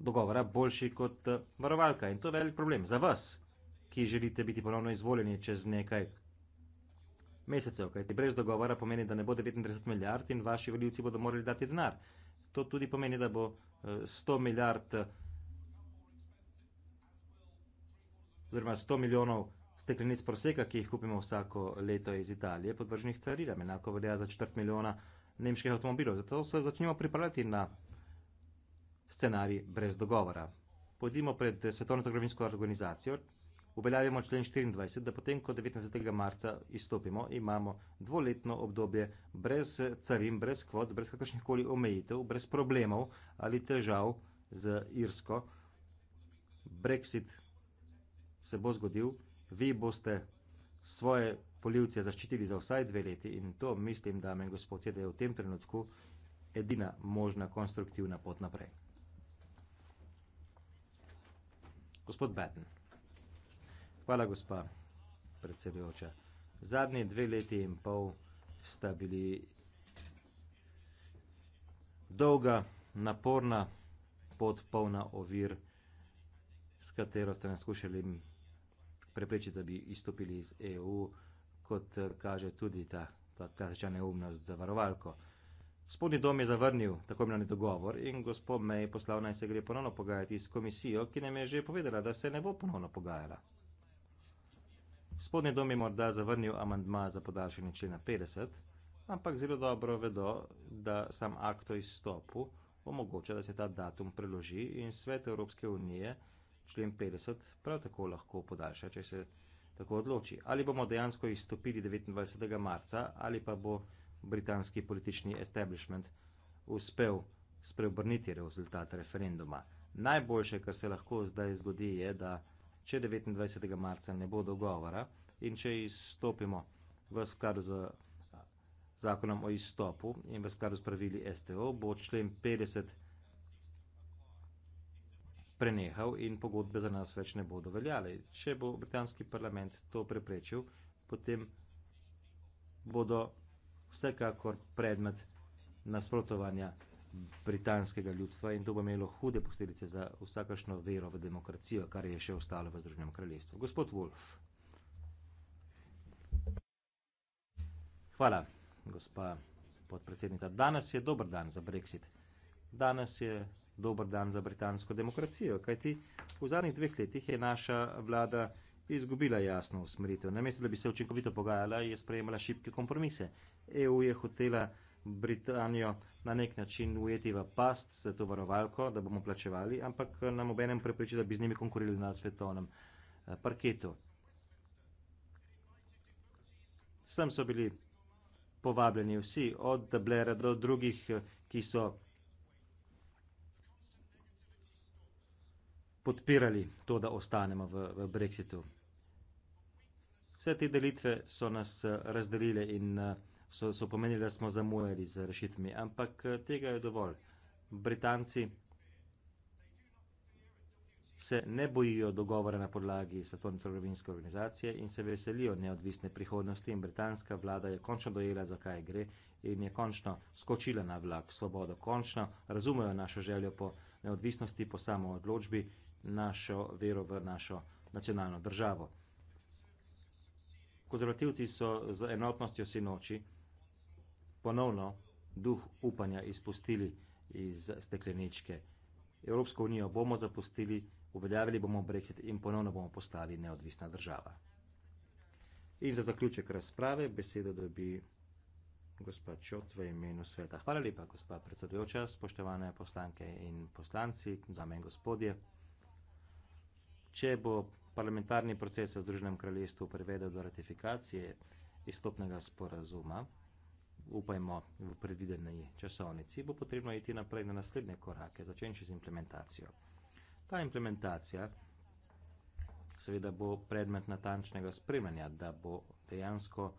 dogovora boljši kot eh, varovalka. In to je velik problem za vas, ki želite biti ponovno izvoljeni čez nekaj mesecev. Kajti brez dogovora pomeni, da ne bo 39 milijard in vaši voljivci bodo morali dati denar. To tudi pomeni, da bo 100 eh, milijard oziroma 100 milijonov steklenic proseka, ki jih kupimo vsako leto iz Italije, podvrženih caririram. Enako velja za četrt milijona nemških avtomobilov. Zato se začnemo pripravljati na scenarij brez dogovora. Pojdimo pred Svetovno trgovinsko organizacijo, uveljavimo člen 24, da potem, ko 29. marca izstopimo, imamo dvoletno obdobje brez carin, brez kvot, brez kakršnih koli omejitev, brez problemov ali težav z Irsko. Brexit se bo zgodil, vi boste svoje polivce zaščitili za vsaj dve leti in to mislim, dame in gospodje, da je v tem trenutku edina možna konstruktivna pot naprej. Gospod Batten. Hvala, gospa predsedujoča. Zadnji dve leti in pol sta bili dolga, naporna pot, polna ovir, s katero ste nas skušali preprečiti, da bi izstopili iz EU, kot kaže tudi ta, ta klasična neumnost za varovalko. Spodnji dom je zavrnil tako imenovani dogovor in gospod me je poslal naj se gre ponovno pogajati s komisijo, ki nam je že povedala, da se ne bo ponovno pogajala. Spodnji dom je morda zavrnil amandma za podaljšanje člena 50, ampak zelo dobro vedo, da sam akt o izstopu omogoča, da se ta datum preloži in svet Evropske unije člen 50 prav tako lahko podaljša, če se tako odloči. Ali bomo dejansko izstopili 29. marca ali pa bo britanski politični establishment uspel spreobrniti rezultat referenduma. Najboljše, kar se lahko zdaj zgodi, je, da če 29. marca ne bo dogovora in če izstopimo v skladu z zakonom o izstopu in v skladu s pravili STO, bo člen 50 prenehal in pogodbe za nas več ne bodo veljale. Če bo britanski parlament to preprečil, potem bodo vsekakor predmet nasprotovanja britanskega ljudstva in to bo imelo hude posledice za vsakašno vero v demokracijo, kar je še ostalo v Združenem kraljestvu. Gospod Wolf. Hvala, gospa podpredsednica. Danes je dober dan za Brexit. Danes je dober dan za britansko demokracijo, kajti v zadnjih dveh letih je naša vlada izgubila jasno usmeritev. Namesto, da bi se učinkovito pogajala, je sprejemala šibke kompromise. EU je hotela Britanijo na nek način ujeti v past za to varovalko, da bomo plačevali, ampak nam obenem prepriči, da bi z njimi konkurili na svetovnem eh, parketu. Sem so bili povabljeni vsi, od Blera do drugih, eh, ki so podpirali to, da ostanemo v, v Brexitu. Vse te delitve so nas eh, razdelile in eh, so, so pomenili, da smo zamujali z rešitvami, ampak eh, tega je dovolj. Britanci se ne bojijo dogovora na podlagi Svetovne trgovinske organizacije in se veselijo neodvisne prihodnosti in britanska vlada je končno dojela, zakaj gre in je končno skočila na vlak svobodo. Končno razumejo našo željo po neodvisnosti, po samo odločbi našo vero v našo nacionalno državo. Konzervativci so z enotnostjo si noči ponovno duh upanja izpustili iz stekleničke. Evropsko unijo bomo zapustili, uveljavili bomo brexit in ponovno bomo postali neodvisna država. In za zaključek razprave besedo dobi gospa Čot v imenu sveta. Hvala lepa, gospa predsedujoča, spoštovane poslanke in poslanci, dame in gospodje. Če bo parlamentarni proces v Združenem kraljestvu privedel do ratifikacije izstopnega sporazuma, upajmo v predvideni časovnici, bo potrebno iti naprej na naslednje korake, začenči z implementacijo. Ta implementacija seveda bo predmet natančnega spremljanja, da bo dejansko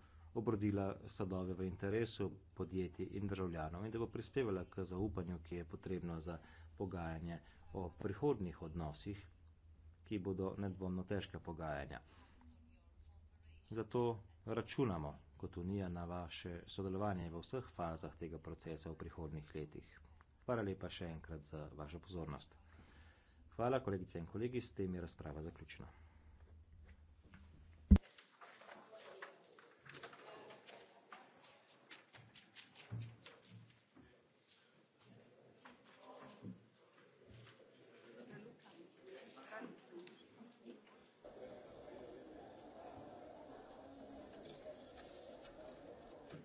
obrodila sadove v interesu podjetij in državljanov in da bo prispevala k zaupanju, ki je potrebno za pogajanje o prihodnih odnosih ki bodo nedvomno težka pogajanja. Zato računamo kot Unija na vaše sodelovanje v vseh fazah tega procesa v prihodnih letih. Hvala lepa še enkrat za vašo pozornost. Hvala kolegice in kolegi, s tem je razprava zaključena.